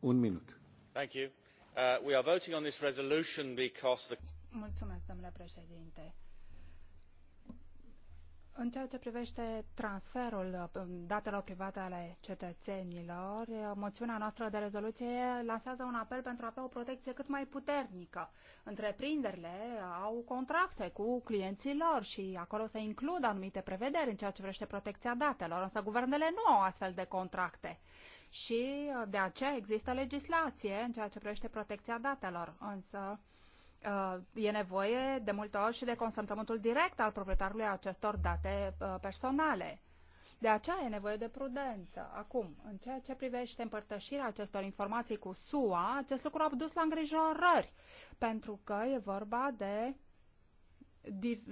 Uh, Mulțumesc, domnule președinte în ceea ce privește transferul um, datelor private ale cetățenilor, uh, moțiunea noastră de rezoluție lansează un apel pentru a avea o protecție cât mai puternică. Întreprinderile au contracte cu clienții lor și acolo se includ anumite prevederi în ceea ce privește protecția datelor, însă guvernele nu au astfel de contracte și uh, de aceea există legislație în ceea ce privește protecția datelor, însă uh, e nevoie de multe ori și de consentământul direct al proprietarului acestor date uh, personale. De aceea e nevoie de prudență. Acum, în ceea ce privește împărtășirea acestor informații cu SUA, acest lucru a dus la îngrijorări, pentru că e vorba de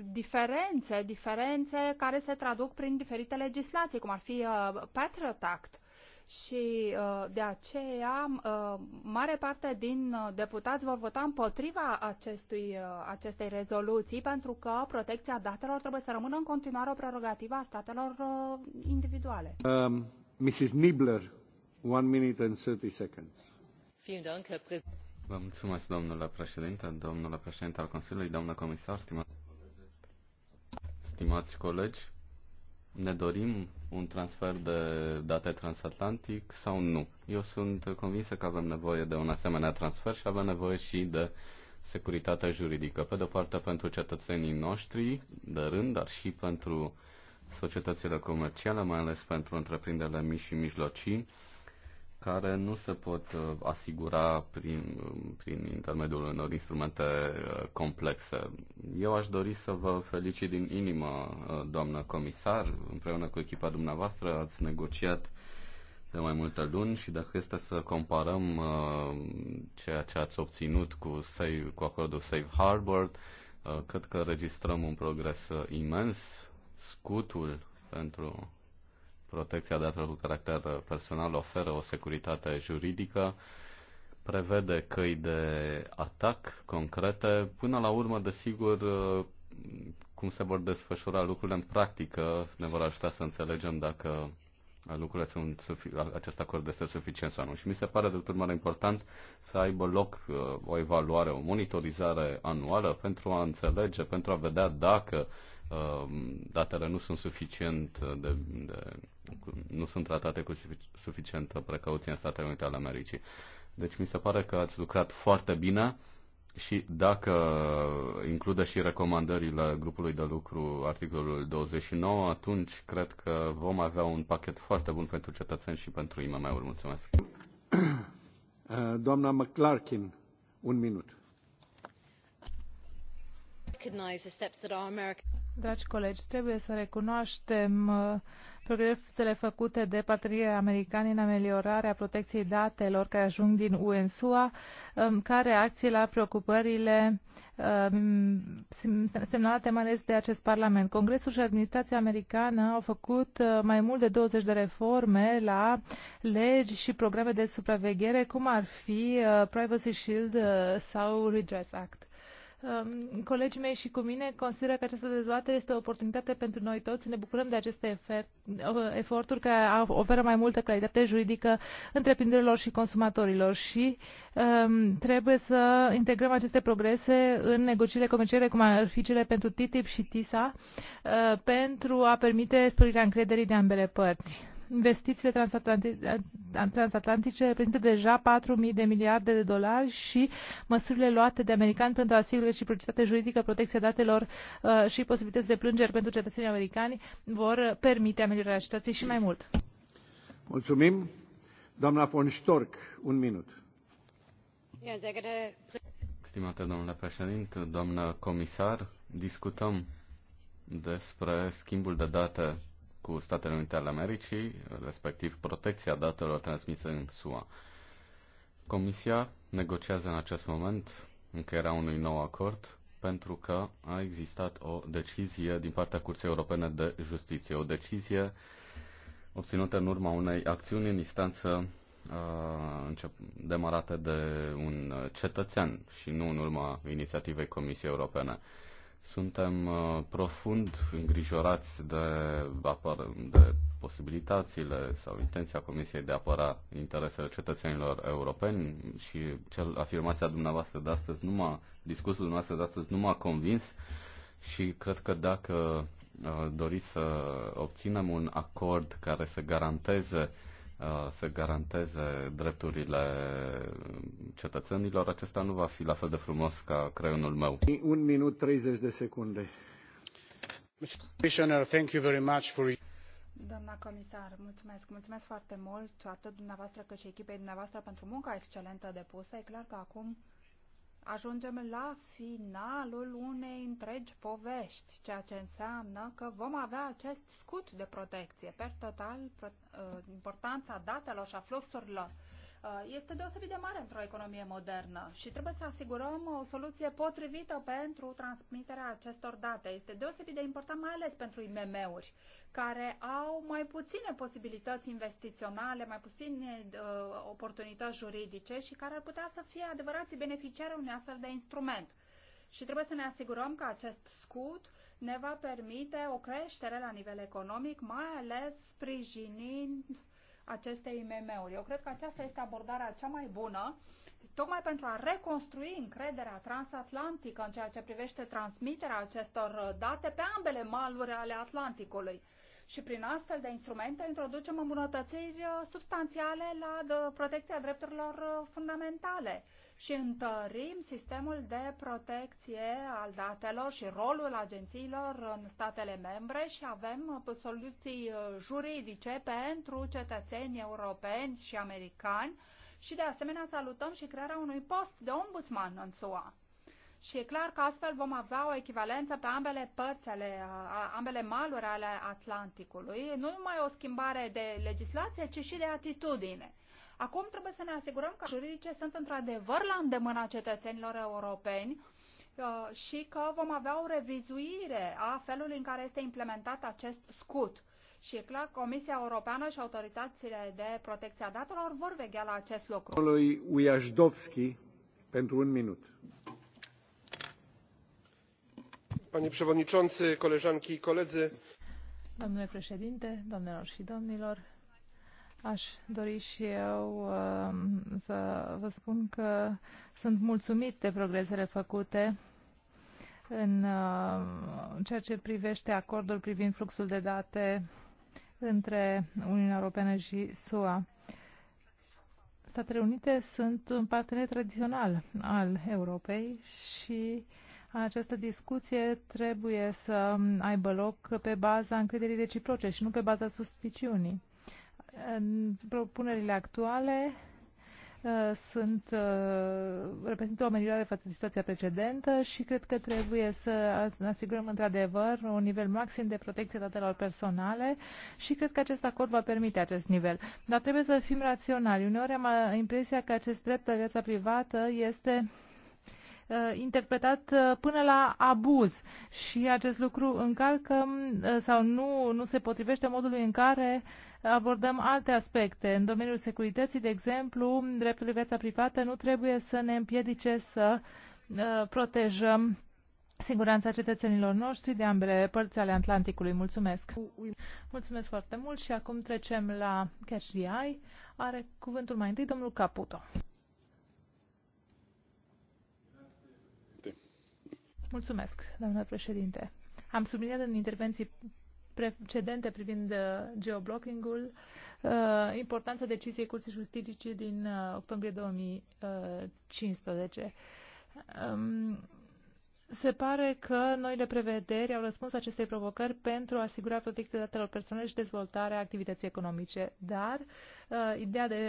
diferențe, diferențe care se traduc prin diferite legislații, cum ar fi uh, Patriot Act, și uh, de aceea uh, mare parte din uh, deputați vor vota împotriva acestui, acestei rezoluții pentru că protecția datelor trebuie să rămână în continuare o prerogativă a statelor individuale. Um, Mrs. Nibler, one minute and 30 seconds. Vă mulțumesc, domnule președinte, domnule președinte al Consiliului, domnule comisar, stimați, stimați colegi. Ne dorim un transfer de date transatlantic sau nu? Eu sunt convinsă că avem nevoie de un asemenea transfer și avem nevoie și de securitatea juridică. Pe de-o parte pentru cetățenii noștri de rând, dar și pentru societățile comerciale, mai ales pentru întreprinderile mici și mijlocii care nu se pot uh, asigura prin, prin intermediul unor instrumente uh, complexe. Eu aș dori să vă felicit din inimă, uh, doamnă comisar, împreună cu echipa dumneavoastră ați negociat de mai multe luni și dacă este să comparăm uh, ceea ce ați obținut cu, save, cu acordul Safe Harbor, uh, cred că registrăm un progres imens. Scutul pentru Protecția datelor cu caracter personal oferă o securitate juridică, prevede căi de atac concrete, până la urmă, desigur, cum se vor desfășura lucrurile în practică ne vor ajuta să înțelegem dacă lucrurile sunt acest acord este suficient sau nu. Și mi se pare de mai important să aibă loc uh, o evaluare, o monitorizare anuală pentru a înțelege, pentru a vedea dacă Um, datele nu sunt suficient de, de nu sunt tratate cu suficientă precauție în Statele Unite ale Americii. Deci mi se pare că ați lucrat foarte bine și dacă include și recomandările grupului de lucru articolul 29, atunci cred că vom avea un pachet foarte bun pentru cetățeni și pentru IMM-uri. Mulțumesc. Uh, doamna McClarkin, un minut Dragi colegi, trebuie să recunoaștem uh, progresele făcute de partenerii americani în ameliorarea protecției datelor care ajung din UE în SUA, um, ca reacție la preocupările um, semnalate mai ales de acest Parlament. Congresul și administrația americană au făcut uh, mai mult de 20 de reforme la legi și programe de supraveghere, cum ar fi uh, Privacy Shield sau Redress Act. Um, colegii mei și cu mine consideră că această dezbatere este o oportunitate pentru noi toți ne bucurăm de aceste uh, eforturi care oferă mai multă claritate juridică întreprinderilor și consumatorilor și um, trebuie să integrăm aceste progrese în negocierile comerciale, cum ar fi cele pentru TTIP și TISA, uh, pentru a permite sporirea încrederii de ambele părți investițiile transatlantice, transatlantice reprezintă deja 4.000 de miliarde de dolari și măsurile luate de americani pentru a asigura procesate juridică, protecția datelor uh, și posibilități de plângeri pentru cetățenii americani vor permite ameliorarea situației și mai mult. Mulțumim. Doamna von Storck, un minut. Stimate domnule președinte, doamnă comisar, discutăm despre schimbul de date cu Statele Unite ale Americii, respectiv protecția datelor transmise în SUA. Comisia negociază în acest moment încheierea unui nou acord pentru că a existat o decizie din partea Curții Europene de Justiție, o decizie obținută în urma unei acțiuni în instanță uh, demarată de un cetățean și nu în urma inițiativei Comisiei Europene. Suntem uh, profund îngrijorați de, de posibilitățile sau intenția Comisiei de a apăra interesele cetățenilor europeni și cel, afirmația dumneavoastră de astăzi nu m-a, discursul dumneavoastră de astăzi nu m-a convins și cred că dacă uh, doriți să obținem un acord care să garanteze Uh, să garanteze drepturile cetățenilor, acesta nu va fi la fel de frumos ca creionul meu. Un minut 30 de secunde. Commissioner, thank you very much for Doamna comisar, mulțumesc. Mulțumesc foarte mult, atât dumneavoastră cât și echipei dumneavoastră, pentru munca excelentă depusă. E clar că acum ajungem la finalul unei întregi povești, ceea ce înseamnă că vom avea acest scut de protecție. Per total, uh, importanța datelor și a fluxurilor Uh, este deosebit de mare într-o economie modernă și trebuie să asigurăm o soluție potrivită pentru transmiterea acestor date. Este deosebit de important mai ales pentru IMM-uri care au mai puține posibilități investiționale, mai puține uh, oportunități juridice și care ar putea să fie adevărații beneficiari unui astfel de instrument și trebuie să ne asigurăm că acest scut ne va permite o creștere la nivel economic, mai ales sprijinind aceste IMM-uri. Eu cred că aceasta este abordarea cea mai bună, tocmai pentru a reconstrui încrederea transatlantică în ceea ce privește transmiterea acestor date pe ambele maluri ale Atlanticului și prin astfel de instrumente introducem îmbunătățiri uh, substanțiale la uh, protecția drepturilor uh, fundamentale și întărim sistemul de protecție al datelor și rolul agențiilor în statele membre și avem soluții juridice pentru cetățeni europeni și americani și de asemenea salutăm și crearea unui post de ombudsman în SUA. Și e clar că astfel vom avea o echivalență pe ambele părți, ale, ambele maluri ale Atlanticului, nu numai o schimbare de legislație, ci și de atitudine. Acum trebuie să ne asigurăm că juridice sunt într-adevăr la îndemâna cetățenilor europeni și că vom avea o revizuire a felului în care este implementat acest scut. Și e clar, Comisia Europeană și autoritățile de protecție a datelor vor veghea la acest lucru. Lui pentru un minut domnule președinte doamnelor și domnilor aș dori și eu um, să vă spun că sunt mulțumit de progresele făcute în um, ceea ce privește acordul privind fluxul de date între Uniunea Europeană și SUA. Statele Unite sunt un partener tradițional al Europei și această discuție trebuie să aibă loc pe baza încrederii reciproce și nu pe baza suspiciunii. În propunerile actuale uh, sunt, uh, reprezintă o ameliorare față de situația precedentă și cred că trebuie să asigurăm într-adevăr un nivel maxim de protecție datelor personale și cred că acest acord va permite acest nivel. Dar trebuie să fim raționali. Uneori am uh, impresia că acest drept de viața privată este Uh, interpretat uh, până la abuz și acest lucru încalcă uh, sau nu, nu se potrivește modului în care abordăm alte aspecte. În domeniul securității, de exemplu, dreptul viața privată nu trebuie să ne împiedice să protejăm siguranța cetățenilor noștri de ambele părți ale Atlanticului. Mulțumesc! Mulțumesc foarte mult și acum trecem la Catch the Eye. Are cuvântul mai întâi domnul Caputo. Mulțumesc, doamnă președinte. Am subliniat în intervenții precedente privind uh, geoblocking-ul, uh, importanța deciziei Curții Justiției din uh, octombrie 2015. Se pare că noile prevederi au răspuns acestei provocări pentru a asigura protecția datelor personale și dezvoltarea activității economice, dar uh, ideea de,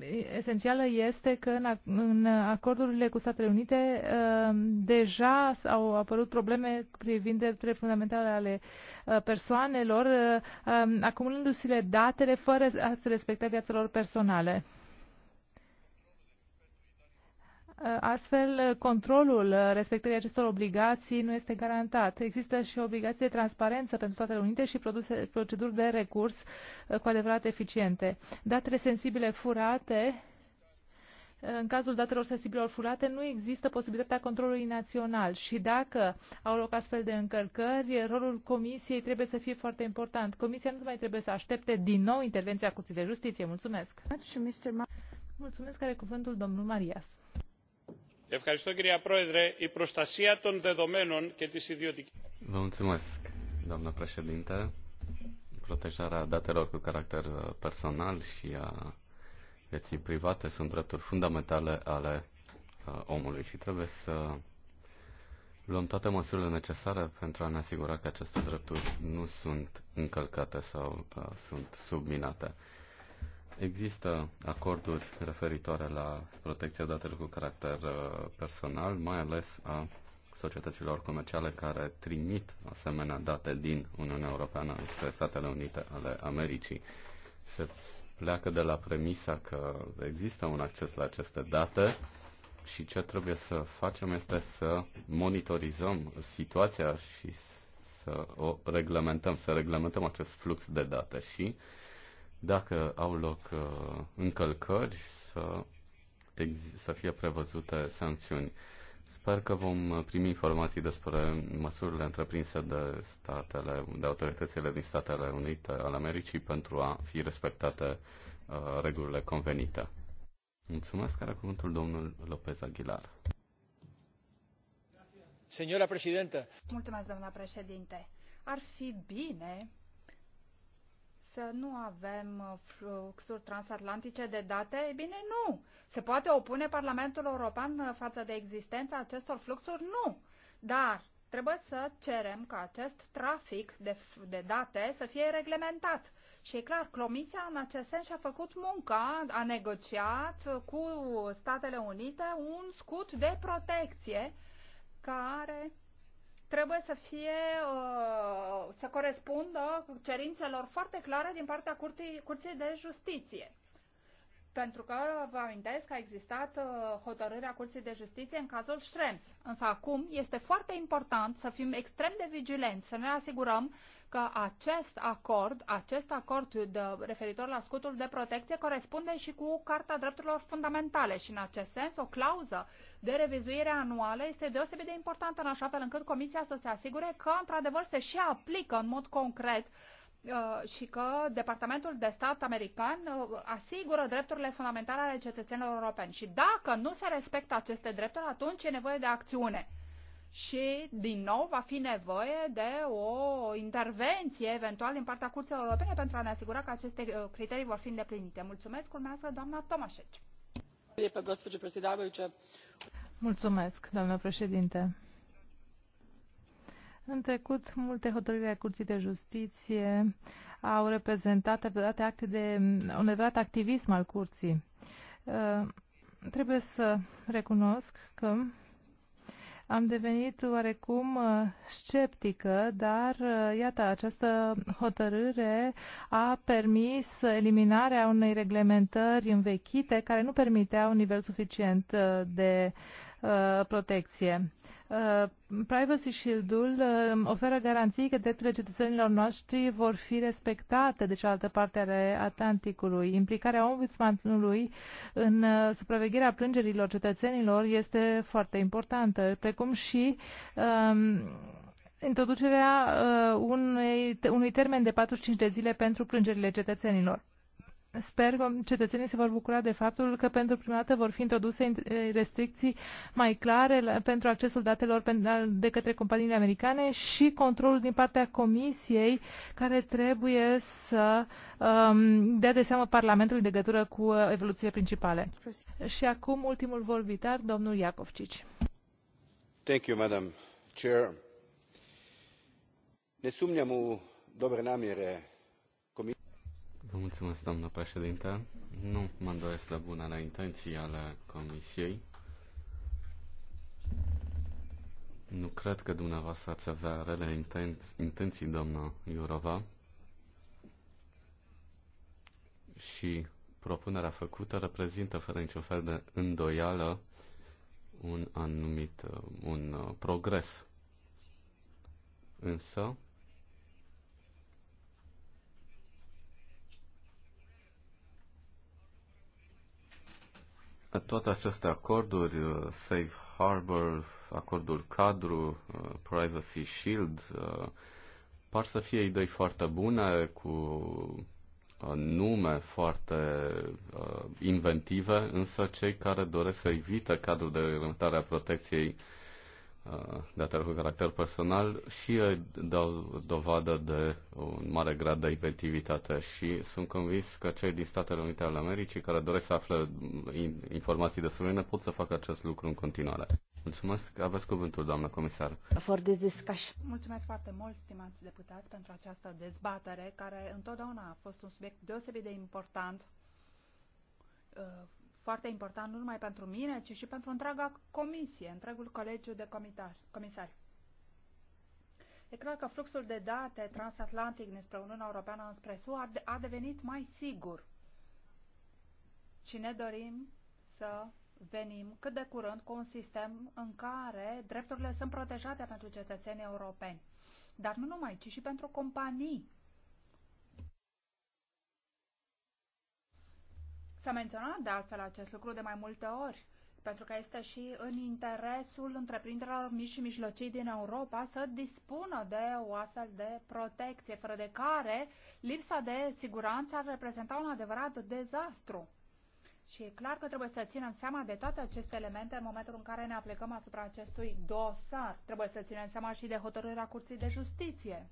uh, esențială este că în, în acordurile cu Statele Unite uh, deja au apărut probleme privind drepturile fundamentale ale uh, persoanelor, uh, um, acumulându-se datele fără a se respecta viața lor personale. Uh, astfel, uh, controlul uh, respectării acestor obligații nu este garantat. Există și obligații de transparență pentru Statele Unite și produse, proceduri de recurs cu adevărat eficiente. Datele sensibile furate în cazul datelor sensibile furate nu există posibilitatea controlului național și dacă au loc astfel de încărcări, rolul Comisiei trebuie să fie foarte important. Comisia nu mai trebuie să aștepte din nou intervenția Curții de Justiție. Mulțumesc! Mulțumesc, are cuvântul domnul Marias. Vă doamnă președinte. Protejarea datelor cu caracter personal și a vieții private sunt drepturi fundamentale ale omului și trebuie să luăm toate măsurile necesare pentru a ne asigura că aceste drepturi nu sunt încălcate sau sunt subminate. Există acorduri referitoare la protecția datelor cu caracter uh, personal, mai ales a societăților comerciale care trimit asemenea date din Uniunea Europeană spre Statele Unite ale Americii. Se pleacă de la premisa că există un acces la aceste date și ce trebuie să facem este să monitorizăm situația și să o reglementăm, să reglementăm acest flux de date și uh, dacă au loc uh, încălcări, să, să fie prevăzute sancțiuni. Sper că vom primi informații despre măsurile întreprinse de statele, de autoritățile din Statele Unite ale Americii pentru a fi respectate uh, regulile convenite. Mulțumesc, are cuvântul domnul Lopez Aguilar. Mulțumesc, doamna președinte. Ar fi bine să nu avem uh, fluxuri transatlantice de date? E bine, nu. Se poate opune Parlamentul European uh, față de existența acestor fluxuri? Nu. Dar trebuie să cerem ca acest trafic de, de date să fie reglementat. Și e clar, Comisia în acest sens a făcut munca, a negociat cu Statele Unite un scut de protecție care trebuie să fie, uh, să corespundă cerințelor foarte clare din partea Curții, Curții de Justiție. Pentru că vă amintesc că a existat uh, hotărârea Curții de Justiție în cazul Schrems. Însă acum este foarte important să fim extrem de vigilenți, să ne asigurăm că acest acord, acest acord de, referitor la scutul de protecție corespunde și cu Carta Drepturilor Fundamentale și în acest sens o clauză de revizuire anuală este deosebit de importantă în așa fel încât Comisia să se asigure că într-adevăr se și aplică în mod concret uh, și că Departamentul de Stat american uh, asigură drepturile fundamentale ale cetățenilor europeni. Și dacă nu se respectă aceste drepturi, atunci e nevoie de acțiune și din nou va fi nevoie de o intervenție eventual din partea Curții Europene pentru a ne asigura că aceste uh, criterii vor fi îndeplinite. Mulțumesc, urmează doamna Tomașec. Mulțumesc, doamnă președinte. În trecut, multe hotărâri ale Curții de Justiție au reprezentat adevărate acte de un adevărat activism al Curții. Uh, trebuie să recunosc că am devenit oarecum uh, sceptică, dar uh, iată, această hotărâre a permis eliminarea unei reglementări învechite care nu permitea un nivel suficient uh, de Uh, protecție. Uh, privacy Shield-ul uh, oferă garanții că drepturile cetățenilor noștri vor fi respectate de cealaltă parte ale Atlanticului. Implicarea ombudsmanului în supravegherea plângerilor cetățenilor este foarte importantă, precum și um, introducerea uh, unei, unui termen de 45 de zile pentru plângerile cetățenilor. Sper că cetățenii se vor bucura de faptul că pentru prima dată vor fi introduse restricții mai clare pentru accesul datelor de către companiile americane și controlul din partea Comisiei care trebuie să um, dea de seamă Parlamentului de legătură cu uh, evoluțiile principale. Și acum ultimul vorbitar, domnul Iacovcici. Thank you, Madam Chair. Ne sumnjam u dobre namjere Vă mulțumesc, doamnă președinte. Nu mă îndoiesc de bunele intenții ale Comisiei. Nu cred că dumneavoastră ați avea rele intenții, intenții doamna Iurova. Și propunerea făcută reprezintă, fără niciun fel de îndoială, un anumit un uh, progres. Însă, că toate aceste acorduri, uh, Safe Harbor, acordul cadru, uh, Privacy Shield, uh, par să fie idei foarte bune, cu nume foarte inventive, însă cei care doresc să evite cadrul de reglementare a protecției datelor cu caracter personal și dau dovadă de un mare grad de inventivitate și sunt convins că cei din Statele Unite ale Americii care doresc să afle informații de mine pot să facă acest lucru în continuare. Mulțumesc. Aveți cuvântul, doamnă comisar. For this discussion. Mulțumesc foarte mult, stimați deputați, pentru această dezbatere, care întotdeauna a fost un subiect deosebit de important uh, foarte important nu numai pentru mine, ci și pentru întreaga comisie, întregul colegiu de comitar, comisari. E clar că fluxul de date transatlantic despre Uniunea Europeană înspre SUA a devenit mai sigur. Și ne dorim să venim cât de curând cu un sistem în care drepturile sunt protejate pentru cetățenii europeni. Dar nu numai, ci și pentru companii S-a menționat de altfel acest lucru de mai multe ori, pentru că este și în interesul întreprinderilor mici și mijlocii din Europa să dispună de o astfel de protecție, fără de care lipsa de siguranță ar reprezenta un adevărat dezastru. Și e clar că trebuie să ținem seama de toate aceste elemente în momentul în care ne aplicăm asupra acestui dosar. Trebuie să ținem seama și de hotărârea Curții de Justiție.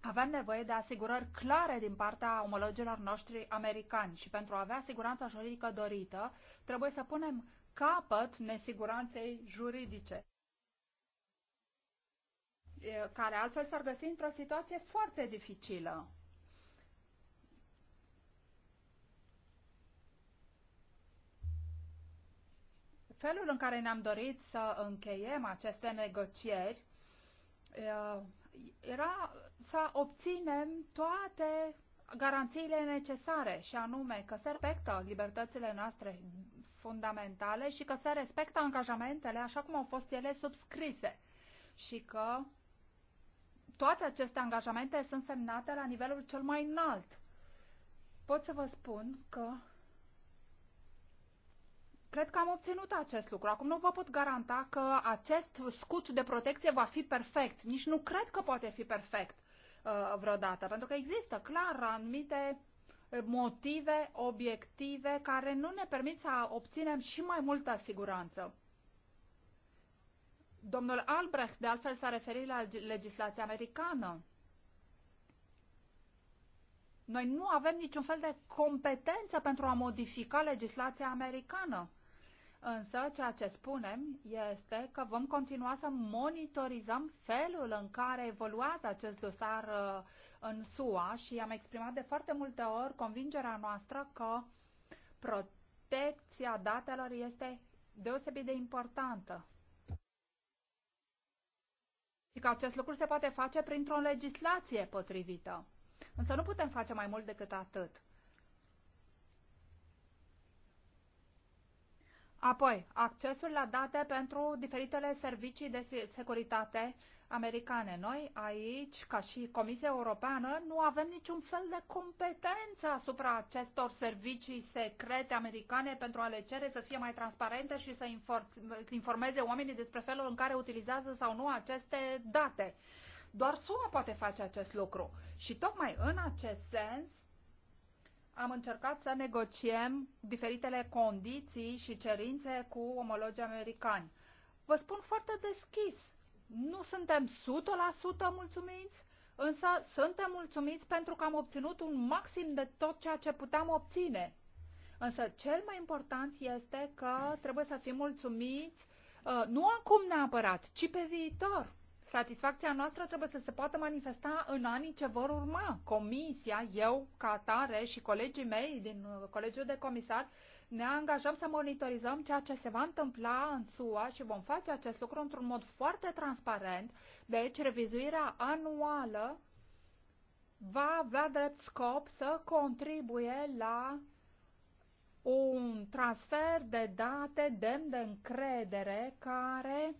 Avem nevoie de asigurări clare din partea omologilor noștri americani și pentru a avea siguranța juridică dorită, trebuie să punem capăt nesiguranței juridice care altfel s-ar găsi într-o situație foarte dificilă. Felul în care ne-am dorit să încheiem aceste negocieri era să obținem toate garanțiile necesare și anume că se respectă libertățile noastre fundamentale și că se respectă angajamentele așa cum au fost ele subscrise și că toate aceste angajamente sunt semnate la nivelul cel mai înalt. Pot să vă spun că Cred că am obținut acest lucru. Acum nu vă pot garanta că acest scut de protecție va fi perfect. Nici nu cred că poate fi perfect uh, vreodată, pentru că există clar anumite uh, motive obiective care nu ne permit să obținem și mai multă siguranță. Domnul Albrecht, de altfel, s-a referit la legislația americană. Noi nu avem niciun fel de competență pentru a modifica legislația americană. Însă, ceea ce spunem este că vom continua să monitorizăm felul în care evoluează acest dosar uh, în SUA și am exprimat de foarte multe ori convingerea noastră că protecția datelor este deosebit de importantă. Și că acest lucru se poate face printr-o legislație potrivită. Însă nu putem face mai mult decât atât. Apoi, accesul la date pentru diferitele servicii de securitate americane. Noi aici, ca și Comisia Europeană, nu avem niciun fel de competență asupra acestor servicii secrete americane pentru a le cere să fie mai transparente și să informeze oamenii despre felul în care utilizează sau nu aceste date. Doar SUA poate face acest lucru. Și tocmai în acest sens, am încercat să negociem diferitele condiții și cerințe cu omologii americani. Vă spun foarte deschis, nu suntem 100% mulțumiți, însă suntem mulțumiți pentru că am obținut un maxim de tot ceea ce puteam obține. Însă cel mai important este că trebuie să fim mulțumiți uh, nu acum neapărat, ci pe viitor. Satisfacția noastră trebuie să se poată manifesta în anii ce vor urma. Comisia, eu ca atare și colegii mei din uh, Colegiul de Comisar ne angajăm să monitorizăm ceea ce se va întâmpla în SUA și vom face acest lucru într-un mod foarte transparent. Deci, revizuirea anuală va avea drept scop să contribuie la un transfer de date demn de încredere care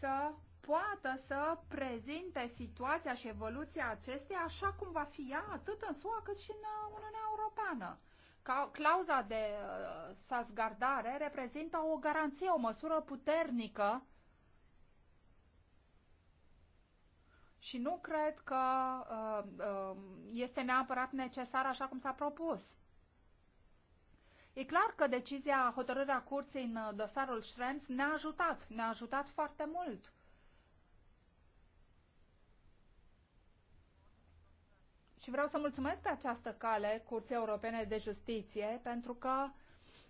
să poată să prezinte situația și evoluția acesteia așa cum va fi ea atât în SUA cât și în uh, Uniunea Europeană. Clauza de uh, salvgardare reprezintă o garanție, o măsură puternică și nu cred că uh, este neapărat necesar așa cum s-a propus. E clar că decizia, hotărârea curții în uh, dosarul Schrems ne-a ajutat, ne-a ajutat foarte mult. Și vreau să mulțumesc pe această cale Curții Europene de Justiție, pentru că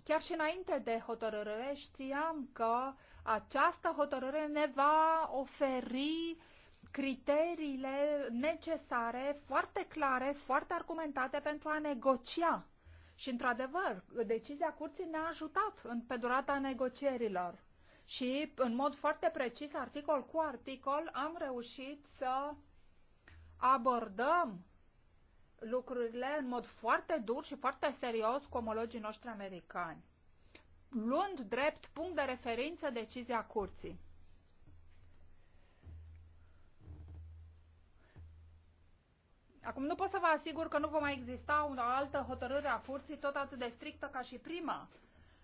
chiar și înainte de hotărâre știam că această hotărâre ne va oferi criteriile necesare, foarte clare, foarte argumentate pentru a negocia și, într-adevăr, decizia curții ne-a ajutat în, pe durata negocierilor. Și, în mod foarte precis, articol cu articol, am reușit să abordăm lucrurile în mod foarte dur și foarte serios cu omologii noștri americani, luând drept punct de referință decizia curții. Acum nu pot să vă asigur că nu va mai exista o altă hotărâre a curții tot atât de strictă ca și prima,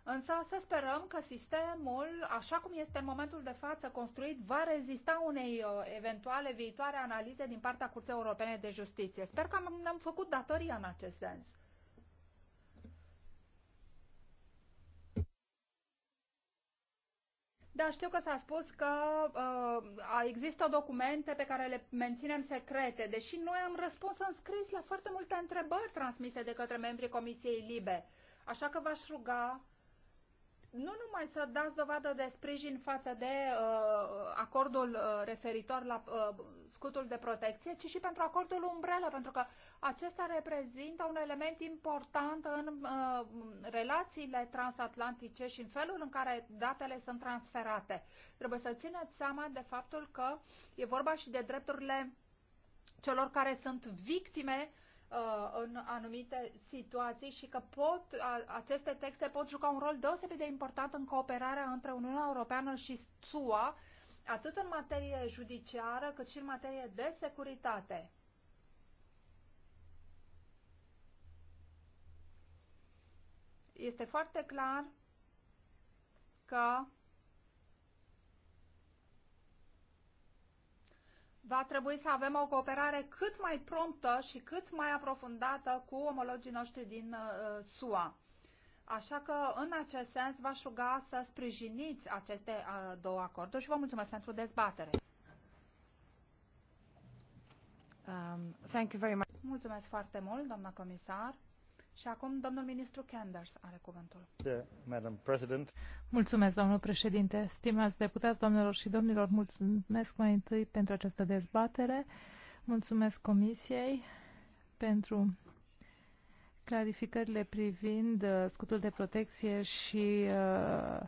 însă să sperăm că sistemul, așa cum este în momentul de față construit, va rezista unei uh, eventuale viitoare analize din partea Curții Europene de Justiție. Sper că am, am făcut datoria în acest sens. Da, știu că s-a spus că uh, există documente pe care le menținem secrete, deși noi am răspuns în scris la foarte multe întrebări transmise de către membrii Comisiei Libe. Așa că v-aș ruga nu numai să dați dovadă de sprijin față de uh, acordul uh, referitor la uh, scutul de protecție, ci și pentru acordul umbrelă, pentru că acesta reprezintă un element important în uh, relațiile transatlantice și în felul în care datele sunt transferate. Trebuie să țineți seama de faptul că e vorba și de drepturile celor care sunt victime uh, Uh, în anumite situații și că pot, aceste texte pot juca un rol deosebit de important în cooperarea între Uniunea Europeană și SUA, atât în materie judiciară cât și în materie de securitate. Este foarte clar că va trebui să avem o cooperare cât mai promptă și cât mai aprofundată cu omologii noștri din uh, SUA. Așa că, în acest sens, v-aș ruga să sprijiniți aceste uh, două acorduri și vă mulțumesc pentru dezbatere. Um, thank you very much. Mulțumesc foarte mult, doamna comisar. Și acum domnul ministru Kenders are cuvântul. Mulțumesc, domnul președinte. Stimați deputați, domnilor și domnilor, mulțumesc mai întâi pentru această dezbatere. Mulțumesc Comisiei pentru clarificările privind uh, scutul de protecție și uh,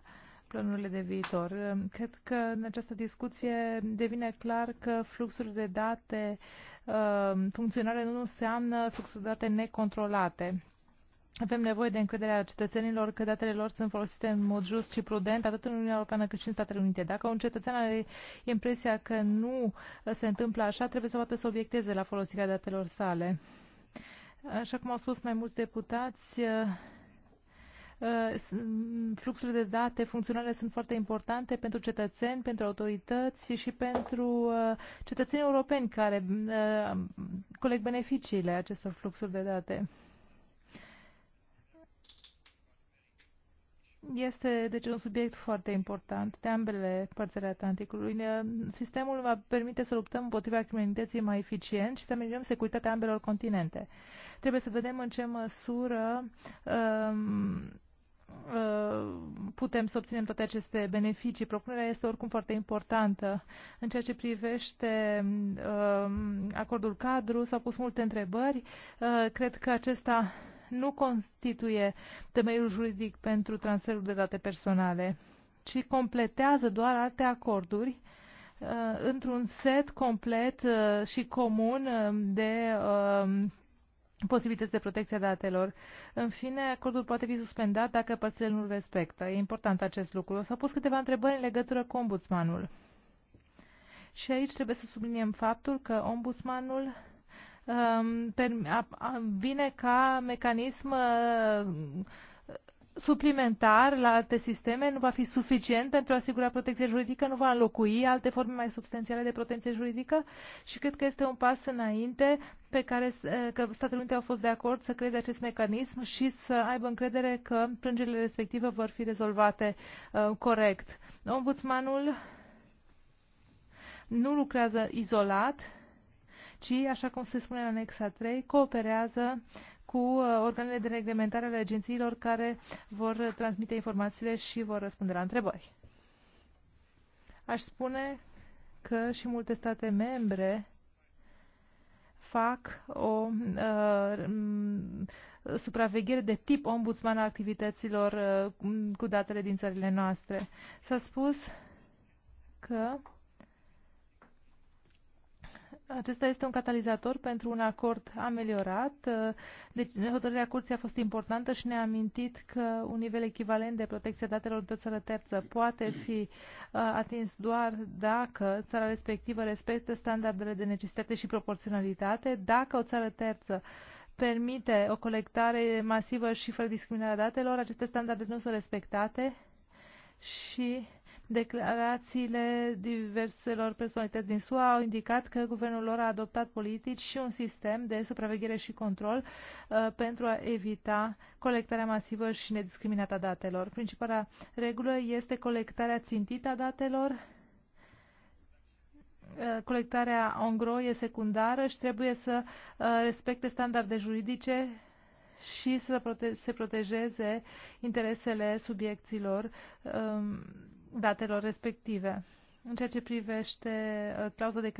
planurile de viitor. Um, cred că în această discuție devine clar că fluxul de date um, funcționare nu înseamnă fluxul de date necontrolate avem nevoie de încrederea cetățenilor că datele lor sunt folosite în mod just și prudent, atât în Uniunea Europeană cât și în Statele Unite. Dacă un cetățean are impresia că nu se întâmplă așa, trebuie să poată să obiecteze la folosirea datelor sale. Așa cum au spus mai mulți deputați, uh, uh, fluxurile de date funcționale sunt foarte importante pentru cetățeni, pentru autorități și pentru uh, cetățenii europeni care coleg beneficiile acestor fluxuri de date. Este deci un subiect foarte important de ambele părțile Atlanticului. Sistemul va permite să luptăm împotriva criminalității mai eficient și să menținem securitatea ambelor continente. Trebuie să vedem în ce măsură um, uh, putem să obținem toate aceste beneficii. Propunerea este oricum foarte importantă. În ceea ce privește uh, acordul cadru, s-au pus multe întrebări. Uh, cred că acesta nu constituie temeiul juridic pentru transferul de date personale, ci completează doar alte acorduri uh, într-un set complet uh, și comun uh, de uh, posibilități de protecție a datelor. În fine, acordul poate fi suspendat dacă părțile nu respectă. E important acest lucru. S-au pus câteva întrebări în legătură cu ombudsmanul. Și aici trebuie să subliniem faptul că ombudsmanul vine ca mecanism uh, suplimentar la alte sisteme, nu va fi suficient pentru a asigura protecție juridică, nu va înlocui alte forme mai substanțiale de protecție juridică și cred că este un pas înainte pe care uh, că Statele Unite au fost de acord să creeze acest mecanism și să aibă încredere că plângerile respective vor fi rezolvate uh, corect. Ombudsmanul nu lucrează izolat, ci, așa cum se spune în anexa 3, cooperează cu uh, organele de reglementare ale agențiilor care vor transmite informațiile și vor răspunde la întrebări. Aș spune că și multe state membre fac o uh, supraveghere de tip ombudsman a activităților uh, cu datele din țările noastre. S-a spus că acesta este un catalizator pentru un acord ameliorat. Deci, hotărârea curții a fost importantă și ne-a amintit că un nivel echivalent de protecție datelor de țară terță poate fi uh, atins doar dacă țara respectivă respectă standardele de necesitate și proporționalitate, dacă o țară terță permite o colectare masivă și fără discriminarea datelor, aceste standarde nu sunt respectate și Declarațiile diverselor personalități din SUA au indicat că guvernul lor a adoptat politici și un sistem de supraveghere și control uh, pentru a evita colectarea masivă și nediscriminată a datelor. Principala regulă este colectarea țintită a datelor, uh, colectarea ongro e secundară și trebuie să uh, respecte standarde juridice și să se protejeze interesele subiecților um, datelor respective. În ceea ce privește uh, clauza de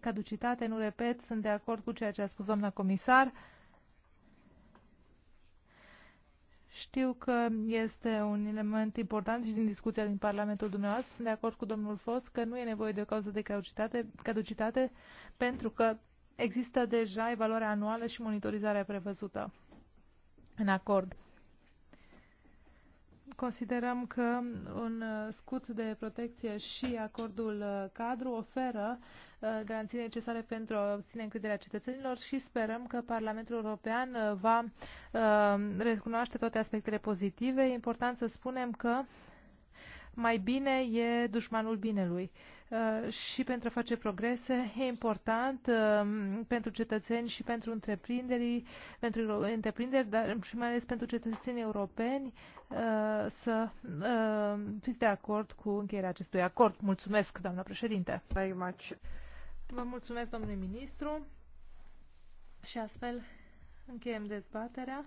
caducitate, nu repet, sunt de acord cu ceea ce a spus doamna comisar. Știu că este un element important și din discuția din Parlamentul dumneavoastră. Sunt de acord cu domnul Fos că nu e nevoie de o cauză de caducitate, caducitate pentru că există deja evaluarea anuală și monitorizarea prevăzută în acord. Considerăm că un uh, scut de protecție și acordul uh, cadru oferă uh, garanții necesare pentru a obține încrederea cetățenilor și sperăm că Parlamentul European va recunoaște toate aspectele pozitive. E important să spunem că mai bine e dușmanul binelui. Uh, și pentru a face progrese e important uh, pentru cetățeni și pentru întreprinderi, pentru întreprinderi, dar și mai ales pentru cetățenii europeni uh, să fiți de acord cu încheierea acestui acord. Mulțumesc, doamna președinte. Very much. Vă mulțumesc, domnule ministru. Și astfel încheiem dezbaterea.